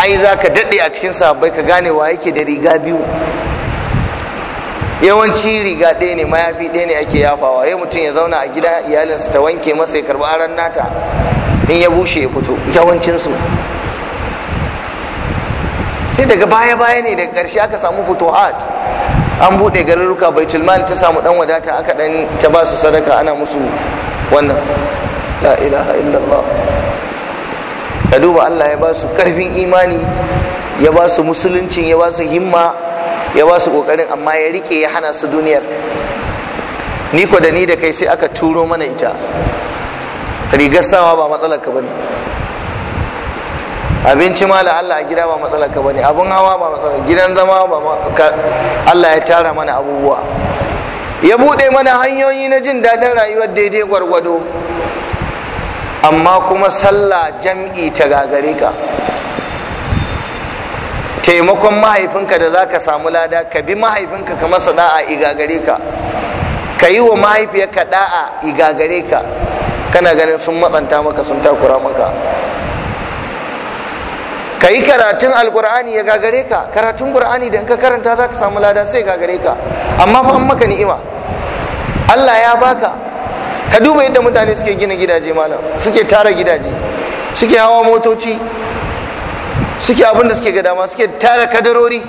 ai za ka daɗe a cikin sahabbai ka gane wa yake da riga biyu yawanci riga ɗaya ne mayafi ɗaya ne ake yafawa ya mutum ya zauna a gida iyalinsa ta wanke masa ya karɓi aran nata in ya bushe ya fito yawancinsu sai daga baya-baya ne daga ƙarshe aka samu futuhat an bude garuruka baitul mal ta samu dan wadata aka dan ta ba su sadaka ana musu wannan la ilaha illallah ka duba Allah ya ba su karfin imani ya ba su musuluncin ya ba su himma ya ba su kokarin amma ya rike ya hana su duniyar ni ko da ni da kai sai aka turo mana ita rigar sawa ba matsalar ka bane abinci ma da Allah a gida ba matsala ka bane abun hawa ba matsala gidan zama ba Allah ya tara mana abubuwa ya bude mana hanyoyi na jin dadin rayuwar daidai gwargwado amma kuma sallah jam'i ta gagare ka taimakon mahaifinka da za ka samu lada ka bi mahaifinka ka masa da'a igagare ka ka yi wa mahaifiyarka da'a igagare ka kana ganin sun matsanta maka sun takura maka ka yi karatun alkur'ani ya gagare ka karatun qur'ani da in ka karanta za ka samu lada sai gagare ka amma fa maka ni'ima Allah ya baka ka duba yadda mutane suke gina gidaje malam suke tara gidaje suke hawa motoci suke abin da suke ga dama suke tara kadarori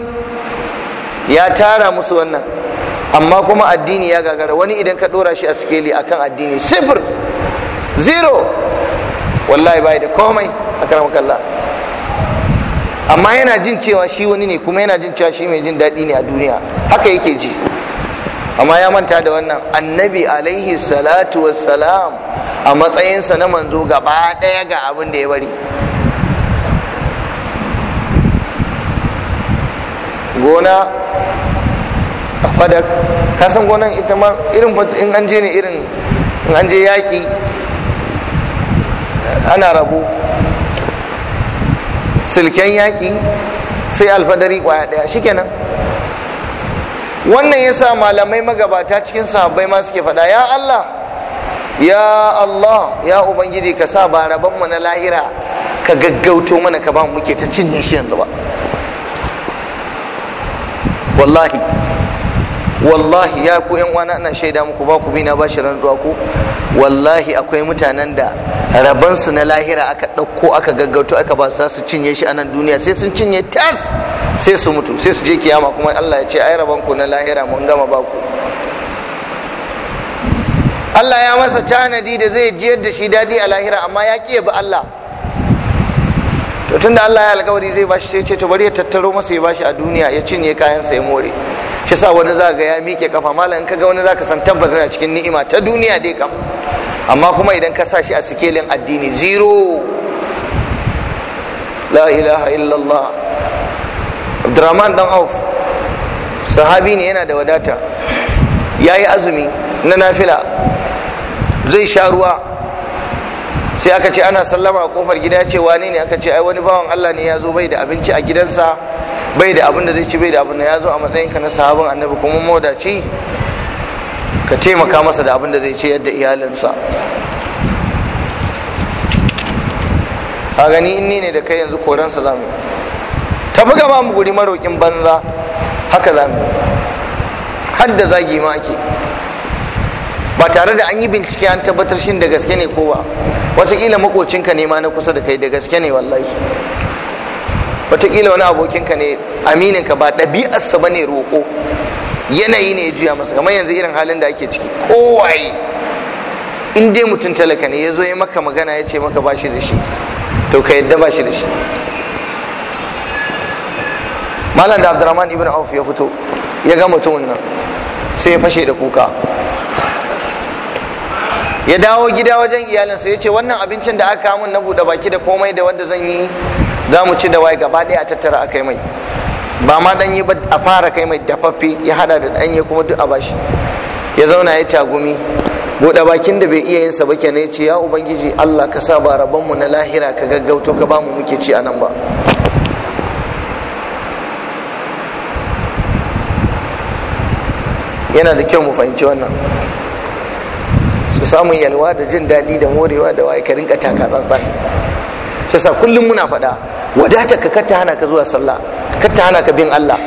ya tara musu wannan amma kuma addini ya gagara wani idan ka dora shi a sikeli akan addini sifir zero wallahi bai da komai a karamakalla amma yana jin cewa shi wani ne kuma yana jin cewa shi mai jin daɗi ne a duniya haka yake ji amma ya manta da wannan annabi alaihi salatu wassalam a matsayinsa na manzo gaba ɗaya ga abin da ya bari gona a fadar kasan gonan ita ma irin in an je ne irin an je yaƙi ana rabu. silken yaƙi sai alfadari kwaya ɗaya shi kenan wannan ya sa malamai magabata cikin sahabbai ma suke faɗa ya Allah ya Allah ya Ubangiji ka sa ba mu na lahira ka gaggauto mana ka ba muke ta cinye shi yanzu ba wallahi wallahi ya ku yan wani ana shaida muku ba ku bina bashi rantsuwa ku wallahi akwai mutanen da rabansu na lahira aka ɗauko aka gaggauto aka ba su su cinye shi a nan duniya sai sun cinye tas sai su mutu sai su je kiyama kuma Allah ya ce ai raban ku na lahira mun gama ba ku Allah ya masa tanadi da zai jiyar da shi dadi a lahira amma ya ƙi bi Allah to tunda Allah ya alkawari zai shi sai ce to bari ya tattaro masa ya ba bashi a duniya ya cinye kayan sa ya more shi sa wani za ga ya miƙe kafa malam in ka ga wani za ka san tabbas yana cikin ni'ima ta duniya dai kam amma kuma idan ka sa shi a sikelin addini zero la ilaha illallah abdurrahman dan auf sahabi ne yana da wadata ya yi azumi na nafila zai sha ruwa sai aka ce ana sallama a kofar gida ya ce wani ne aka ce ai wani bawan Allah ne ya zo bai da abinci a gidansa bai da abin da zai ci bai da abin da ya zo a matsayin ka na sahabin annabi kuma mawadaci ka taimaka masa da abin da zai ce yadda iyalinsa a gani in ni ne da kai yanzu koransa zamu tafi gaba mu guri marokin banza haka zamu har Hadda zagi ma ake ba tare da an yi bincike an tabbatar shin da gaske ne ko ba wataƙila makocinka ne ma na kusa da kai da gaske ne wallahi wataƙila wani abokinka ne amininka ba ɗabi'arsa ba ne roƙo yanayi ne ya juya masa kamar yanzu irin halin da ake ciki kowaye in dai mutum talaka ne ya zo ya maka magana ya ce maka bashi da shi to ka yadda bashi da shi malam da abdurrahman ibn auf ya fito ya ga mutumin nan sai ya fashe da kuka ya dawo gida wajen iyalinsa ya ce wannan abincin da aka mun na buɗe baki da komai da wanda zan yi za mu ci da waye gaba ɗaya a tattara a kai mai ba ma ɗanye ba a fara kai mai dafaffe ya hada da yi kuma duk a bashi ya zauna ya tagumi buɗe bakin da bai iya yinsa ba kenan ya ce ya ubangiji allah ka sa ba mu na lahira ka gaggauto ka ba mu muke ci a nan ba yana da kyau mu fahimci wannan su samun yalwa da jin daɗi da morewa da waye ka rinka taka tsantsan shi sa kullum muna faɗa wadata ka katta hana ka zuwa sallah katta hana ka bin Allah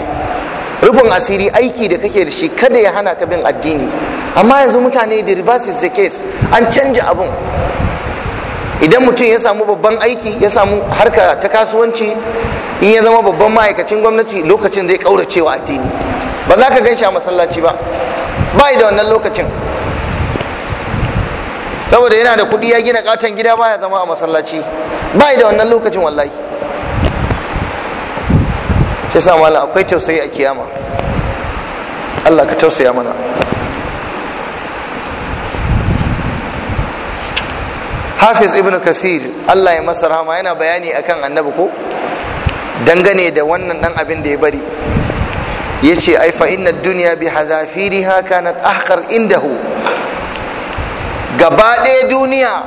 rufin asiri aiki da kake da shi kada ya hana ka bin addini amma yanzu mutane da reverse the case an canja abun idan mutum ya samu babban aiki ya samu harka ta kasuwanci in ya zama babban ma'aikacin gwamnati lokacin zai kauracewa addini ba za ka gan shi a masallaci ba ba da wannan lokacin saboda yana da kuɗi ya gina katon gida baya zama a masallaci bai da wannan lokacin wallahi shi sa malam akwai tausayi a kiyama Allah ka tausaya mana Hafiz Ibn Kasir Allah ya masa rahama yana bayani akan annabi ko dangane da wannan dan abin da ya bari yace ai fa inna dunya bi hadafiriha kanat ahqar indahu gaba ɗaya duniya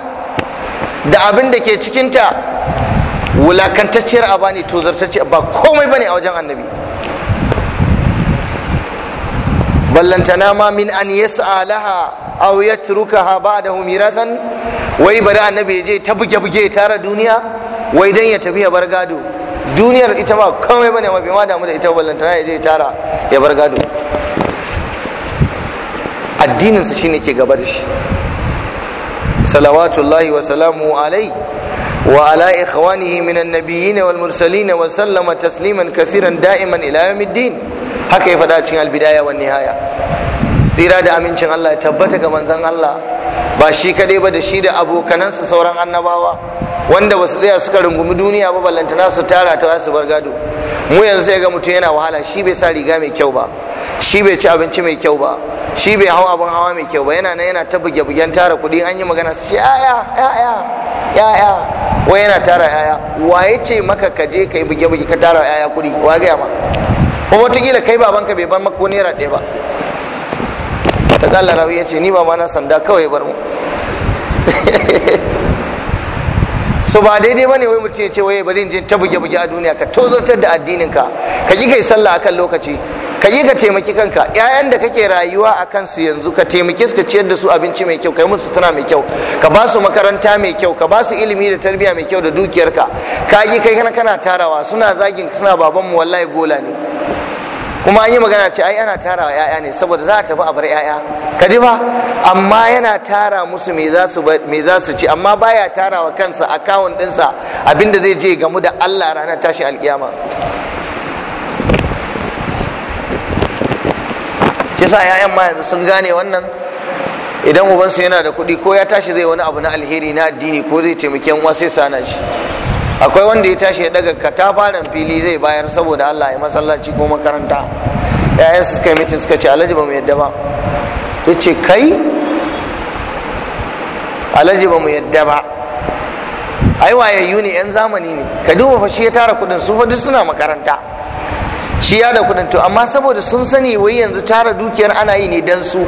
da abin da ke cikinta wulakantacciyar abani ne tozartacce ba komai bane a wajen annabi ballantana ma min an yas'a laha aw yatrukaha ba'dahu mirasan wai bari annabi ya je ta buge buge tara duniya wai dan ya tafi ya bar gado duniyar ita ba komai bane ma bai ma damu da ita ballantana ya je tara ya bar gado addininsa shine ke gaba da shi salawatullahi wa salamu alai wa ala ikhwanihi min annabiyyin wal mursalin wa sallama tasliman kafiran da'iman ila yawmiddin haka ya faɗa cikin albidaya wan nihaya tsira da amincin Allah ya tabbata ga manzon Allah ba shi kadai ba da shi da abokanansa sauran annabawa wanda ba su tsaya suka rungumi duniya ba ballantana su tara ta su bar gado mu yanzu sai ga mutum yana wahala shi bai sa riga mai kyau ba shi bai ci abinci mai kyau ba shi bai hau abin hawa mai kyau ba yana nan yana ta buge-bugen tara kuɗi an yi magana su ce yaya yaya yaya wai yana tara yaya waye ce maka ka je ka yi buge-buge ka tara yaya kuɗi wa gaya ma ko wataƙila kai babanka bai bar maka naira ɗaya ba ta kalla rawi ya ce ni ba ma na sanda kawai bar mu so ba daidai bane wai mutum ya ce waye bari in je ta buge buge a duniya ka tozartar da addinin ka ka yi kai sallah akan lokaci ka yi ka taimaki kanka ƴaƴan da kake rayuwa a kansu yanzu ka taimake su ka ciyar da su abinci mai kyau ka yi musu sutura mai kyau ka ba su makaranta mai kyau ka ba su ilimi da tarbiyya mai kyau da dukiyarka ka yi kai kana kana tarawa suna zagin suna babanmu wallahi gola ne kuma an yi magana ce ai ana tara ya'ya ne saboda za a tafi a bar ya'ya ka ji ba amma yana tara musu me za su me za su ci amma baya tara wa kansa akawun dinsa abinda zai je gamu da Allah ranar tashi alkiyama yasa ya'yan ma yanzu sun gane wannan idan ubansu yana da kuɗi ko ya tashi zai wani abu na alheri na addini ko zai taimaki yan uwa sai sana shi akwai wanda ya tashi ya daga katafaren fili zai bayar saboda Allah ya masallaci ko makaranta yayan suka yi mitin suka ce alhaji ba mu yadda ba ya ce kai alhaji ba mu yadda ba ai wayayyu ne yan zamani ne ka duba fa shi ya tara kudin su fa duk suna makaranta shi ya da kudin to amma saboda sun sani wai yanzu tara dukiyar ana yi ne dan su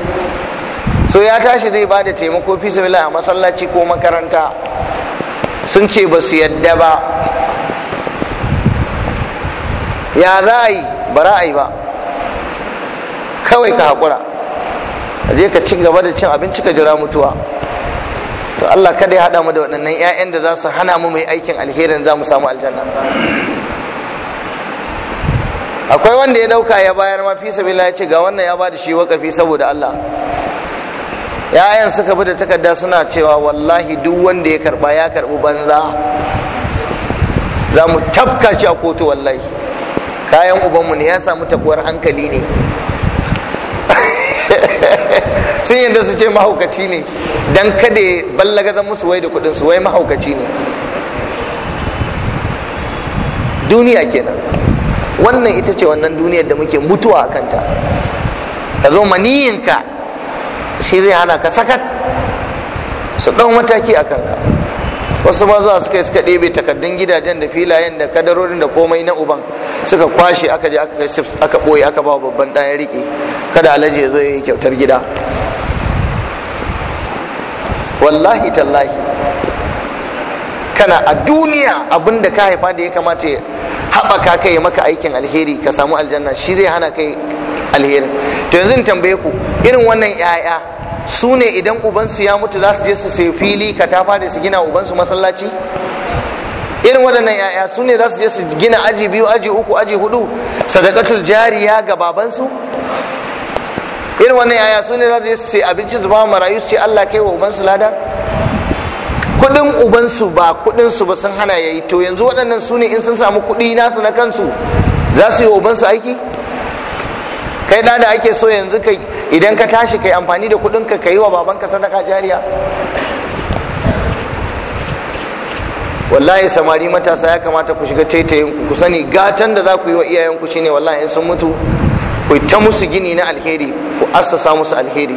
so ya tashi zai ba da taimako fi sabila a masallaci ko makaranta sun ce ba su yadda ba ya za a yi ba a yi ba kawai ka haƙura je ka ci gaba da cin abinci ka jira mutuwa to Allah kada ya haɗa mu da waɗannan 'ya'yan da za su hana mu mai aikin alherin za mu samu aljanna akwai wanda ya ɗauka ya bayar ma fi sabila ya ce ga wannan ya ba da shi wakafi saboda Allah yayan suka bi da takarda suna cewa wallahi duk wanda ya karba ya karbi banza za mu tafka shi a kotu wallahi kayan ubanmu ne ya samu takuwar hankali ne sun yadda su ce mahaukaci ne don kada ya ballaga musu wai da kudin su wai mahaukaci ne duniya kenan wannan ita ce wannan duniyar da muke mutuwa a kanta ka zo maniyinka shi zai hana ka sakat su ɗau mataki a kanka wasu ma zuwa suka yi suka ɗebe takardun gidajen da filayen da kadarorin da komai na uban suka kwashe aka je aka aka ɓoye aka ba babban ɗaya riƙe kada alaji ya zo ya yi kyautar gida wallahi tallahi kana a duniya abin da ka haifa da ya kamata ya haɓaka kai ya maka aikin alheri ka samu aljanna shi zai hana kai alherin to yanzu in tambaye ku irin wannan 'ya'ya su ne idan ubansu ya mutu za su je su sai fili katafa da su gina ubansu masallaci irin waɗannan 'ya'ya su ne za su je su gina aji biyu aji uku aji hudu sadakatul jariya ga babansu irin wannan 'ya'ya su ne za su je su sai abinci su ba marayu su ce Allah kai wa ubansu lada kudin ubansu ba kudin su ba sun hana yayi to yanzu waɗannan su ne in sun samu kudi nasu na kansu za su yi ubansu aiki kai da da ake so yanzu kai idan ka tashi kai amfani da kudin ka kai wa babanka sadaka jariya wallahi samari matasa ya kamata ku shiga taitayin ku sani gatan da za ku yi wa iyayenku shine wallahi in sun mutu ku ta musu gini na alheri ku assasa musu alheri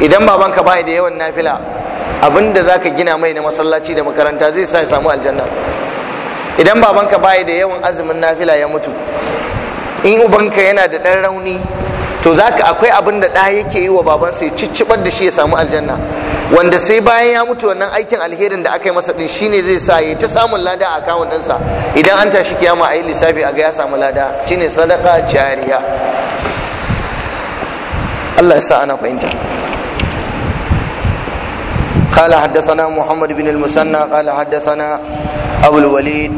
idan babanka bai da yawan nafila Abin abinda zaka gina mai na masallaci da makaranta zai sa ya samu aljanna idan babanka bai da yawan azumin nafila ya mutu in ubanka yana da ɗan rauni to zaka akwai abin da ɗa yake yi wa babansa ya ciccibar da shi ya samu aljanna wanda sai bayan ya mutu wannan aikin alherin da aka yi masa din shine zai sa ya ta samun lada a kawun ɗinsa idan an tashi kiyama a yi lissafi a ga ya samu lada shine sadaka jariya Allah ya sa ana fahimta قال حدثنا محمد بن المثنى قال حدثنا أبو الوليد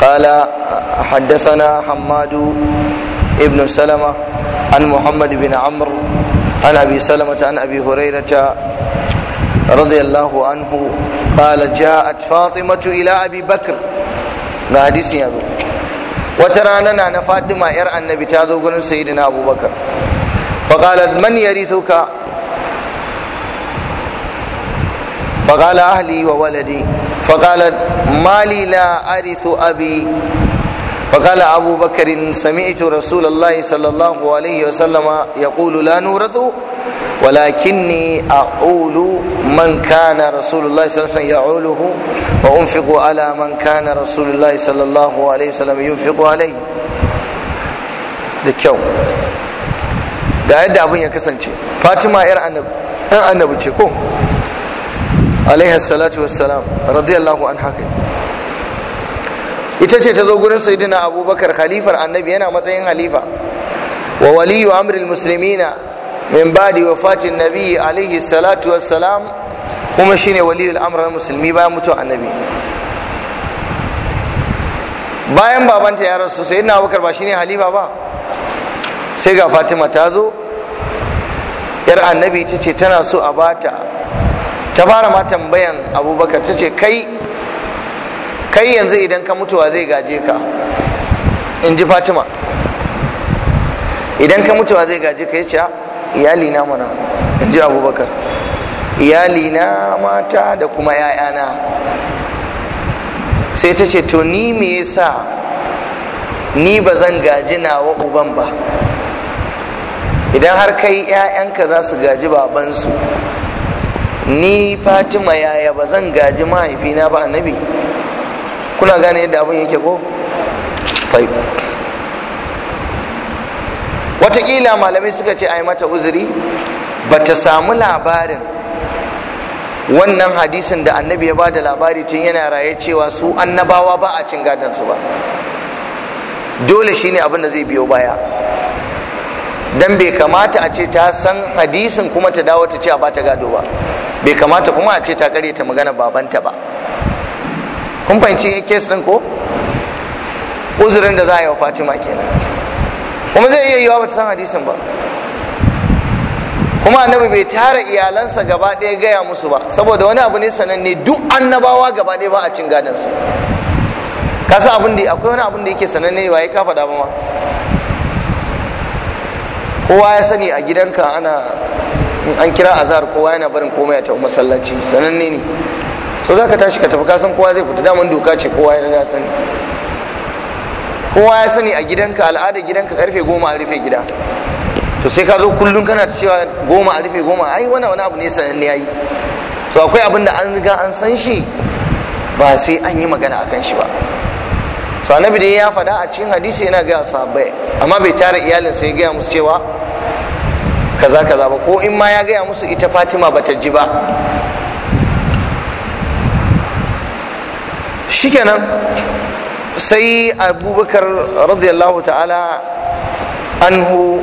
قال حدثنا حماد بن سلمة عن محمد بن عمرو عن أبي سلمة عن أبي هريرة رضي الله عنه قال جاءت فاطمة إلى أبي بكر ما حديث يابو وترانا أنا فاطمة يرى النبي تاذو قلن سيدنا أبو بكر فقالت من يرثك فقال أهلي وولدي فقالت ما لي لا أرث أبي فقال أبو بكر سمعت رسول الله صلى الله عليه وسلم يقول لا نورث ولكني أعول من كان رسول الله صلى الله عليه وسلم يعوله وأنفق على من كان رسول الله صلى الله عليه وسلم ينفق عليه da kyau da yadda abin ya kasance fatima 'yar annabi ce ko alaihi salatu wassalam radiyallahu an haka ita ce ta zo gurin sayyidina abubakar khalifar annabi yana matsayin Khalifa. wa waliyu amril muslimina min ba'di wafatin nabi alaihi salatu wassalam kuma shine waliyul amr musulmi bayan mutuwa annabi bayan babanta ya rasu sayyidina abubakar ba shine Khalifa ba sai ga fatima ta zo yar annabi ita ce tana so a bata ta fara ma tambayan abubakar ta ce kai kai yanzu idan ka mutuwa zai gaje ka in ji fatima idan ka mutuwa zai gaje ka ya ce iyalina mana in ji abubakar iyalina mata da kuma 'ya'yana sai ta ce to ni me yasa ni ba zan gaji nawa uban ba idan har kai 'ya'yanka za su gaji babansu ni fatima yaya ba zan gaji mahaifina ba annabi kuna gane yadda abin yake ko watakila malamai suka ce ai mata uzuri ba ta samu labarin wannan hadisin da annabi ya ba da labari tun yana raye cewa su annabawa ba a cin gadansu ba dole shine abin da zai biyo baya dan bai kamata a ce ta san hadisin kuma ta dawo ta ce a bata gado ba bai kamata kuma a ce ta kare ta magana babanta ba kun fahimci kes din ko uzurin da za a yi wa fatima kenan kuma zai iya yiwa ba ta san hadisin ba kuma annabi bai tara iyalansa gaba ɗaya gaya musu ba saboda wani abu ne sananne duk annabawa gaba ɗaya ba a cin gadon su kasa abin da akwai wani abin da yake sananne ba ya kafa dama ma kowa ya sani a gidanka ana an kira azhar kowa yana barin komai a tafi masallaci sananne ne so za ka tashi ka tafi kasan kowa zai fita daman doka ce kowa ya riga sani kowa ya sani a gidanka al'adar gidanka karfe goma a rufe gida to sai ka zo kullum kana ta cewa goma a rufe goma ai wani abu ne sananne ya yi. so akwai abin da an riga an san shi ba sai an yi magana akan shi ba to annabi dai ya faɗa a cikin hadisi yana gaya sahabbai amma bai tara iyalin sai gaya musu cewa kaza kaza ba ko in ma ya gaya musu ita fatima bata ji ba shikenan sai abubakar radiyallahu ta'ala anhu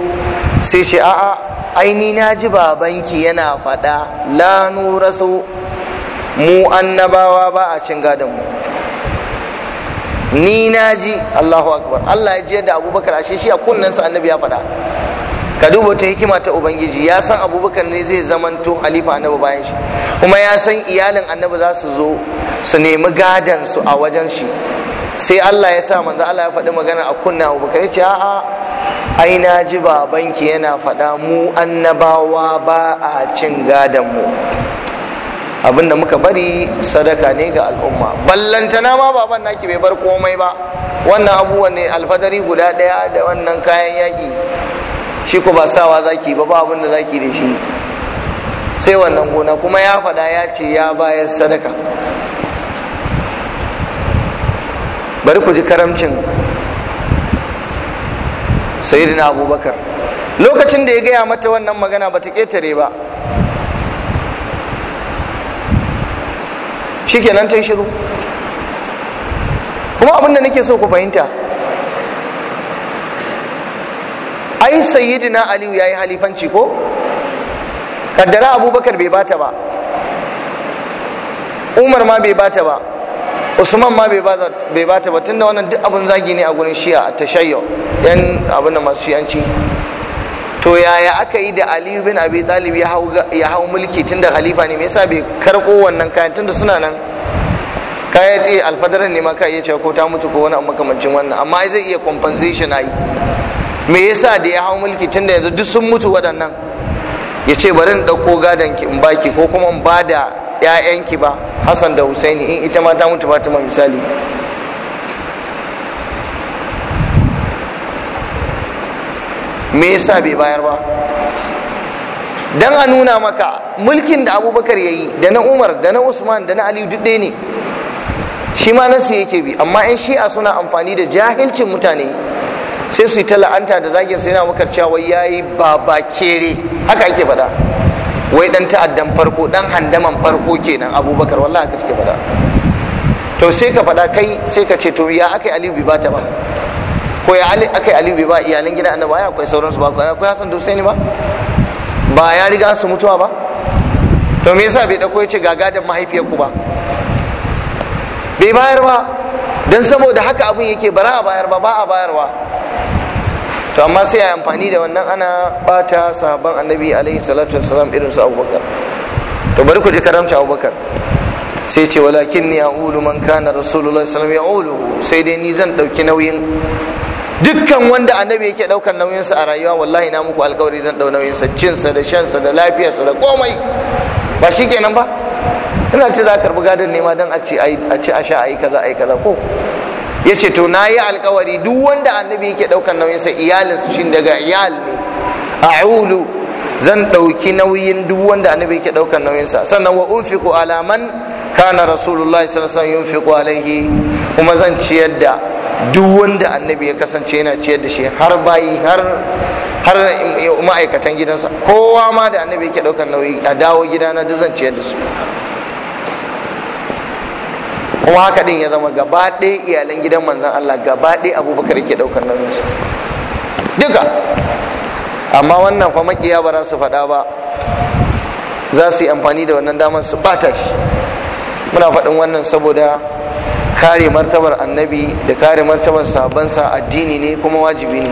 sai ce a'a aini na ji babanki yana faɗa la nurasu mu annabawa ba a cin mu. ni na ji Allahu akbar Allah ya ji yadda Abubakar ashe shi a sa annabi ya faɗa ka duba ta hikima ta ubangiji ya san abubakar ne zai zamanto halifa annabi bayan shi kuma ya san iyalin annabi za su zo su nemi gadan su a wajen shi sai Allah ya sa manzo Allah ya faɗi magana a kunna abubakar ya ce a'a ai na ji babanki yana faɗa mu annabawa ba a cin gadan mu abinda muka bari sadaka ne ga al'umma ballantana ma baban naki bai bar komai ba wannan abubuwan ne alfadari guda daya da wannan kayan yaƙi shi ku ba sawa zaki ba ba abinda zaki da shi sai wannan gona kuma ya faɗa ya ce ya bayar sadaka bari ku ji karamcin sayyidina abubakar lokacin da ya gaya mata wannan magana ba ta ƙetare ba shikenan ta shiru kuma abin da nake so ku fahimta ai sayyidina aliyu ya yi halifanci ko kaddara abubakar bai bata ba umar ma bai bata ba usman ma bai bata ba tunda wannan duk abin zagi ne a gurin shi'a a tashayyo yan abin da masu shi'anci to yaya aka yi da aliyu bin abi talib ya hau mulki tunda halifa ne me yasa bai karko wannan kayan tunda suna nan kayan ya iya alfadarin ne ma ka iya cewa ko ta mutu ko wani makamancin wannan amma zai iya compensation ai me yasa da ya hau mulki tunda yanzu duk sun mutu waɗannan ya ce bari in ɗauko gadon ki in baki ko kuma in ba da ƴaƴanki ba hassan da husaini in ita ma ta mutu fatima misali me yasa bai bayar ba dan a nuna maka mulkin da abubakar ya yi da na umar da na usman da na aliyu duk ɗaya ne shi ma nasi yake bi amma yan shi'a suna amfani da jahilcin mutane sai su yi ta la'anta da zagin sai na makar cewa ya yi babakere haka ake faɗa wai dan ta'addan farko dan handaman farko kenan abubakar wallah haka suke faɗa to sai ka faɗa kai sai ka ce to ya aka aliyu bai bata ba ko ya aka aliyu bai ba iyalan gidan annabi ya akwai sauransu ba ko ya san dusaini ba ba ya riga su mutuwa ba to me yasa bai dauko ya ce gaga da mahaifiyar ku ba bai bayar ba don saboda haka abin yake bara a bayar ba ba a bayarwa to amma sai a amfani da wannan ana bata sahabban annabi alaihi salatu wasalam irin su abubakar to bari ku ji karamta abubakar sai ce walakin ni a'ulu man kana rasulullahi salam sai dai ni zan dauki nauyin dukkan wanda annabi yake daukan nauyinsa a rayuwa wallahi na muku alkawari zan dau cin cinsa da shansa da lafiyarsa da komai ba shi kenan ba kana ce za a karbi gadon nema don a ci a sha a yi kaza a yi kaza ko ya ce to na yi alkawari duk wanda annabi yake sa nauyinsa iyalinsa shi daga iyal ne a ulu zan ɗauki nauyin duk wanda annabi yake nauyin nauyinsa sannan wa ala alaman kana rasulullahi sallallahu alaihi wasallam alaihi kuma zan ciyar da duk wanda annabi ya kasance yana ciyar da shi har bayi har har ma'aikatan gidansa kowa ma da annabi yake daukan nauyi a dawo gidana duk zan ciyar da su kuma haka din ya zama gaba ɗaya iyalan gidan manzan Allah gaba ɗaya abubakar yake ɗaukar nauyinsa duka amma wannan fa makiya ba za su faɗa ba za su yi amfani da wannan damar su ɓata shi muna faɗin wannan saboda kare martabar annabi da kare martabar sabansa addini ne kuma wajibi ne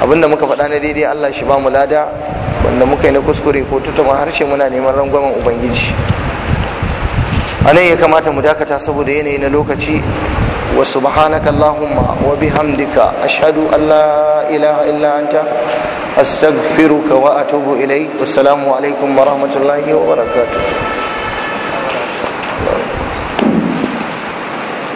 abinda muka faɗa na daidai Allah shi ba mu lada wanda muka yi na kuskure ko tutuma harshe muna neman rangwamen ubangiji nan ya kamata mu dakata saboda yanayi na lokaci wa subhanaka allahumma wa bihamdika ashhadu an la ilaha illa anta astaghfiruka wa atubu ilaik assalamu alaikum wa rahmatullahi wa barakatuh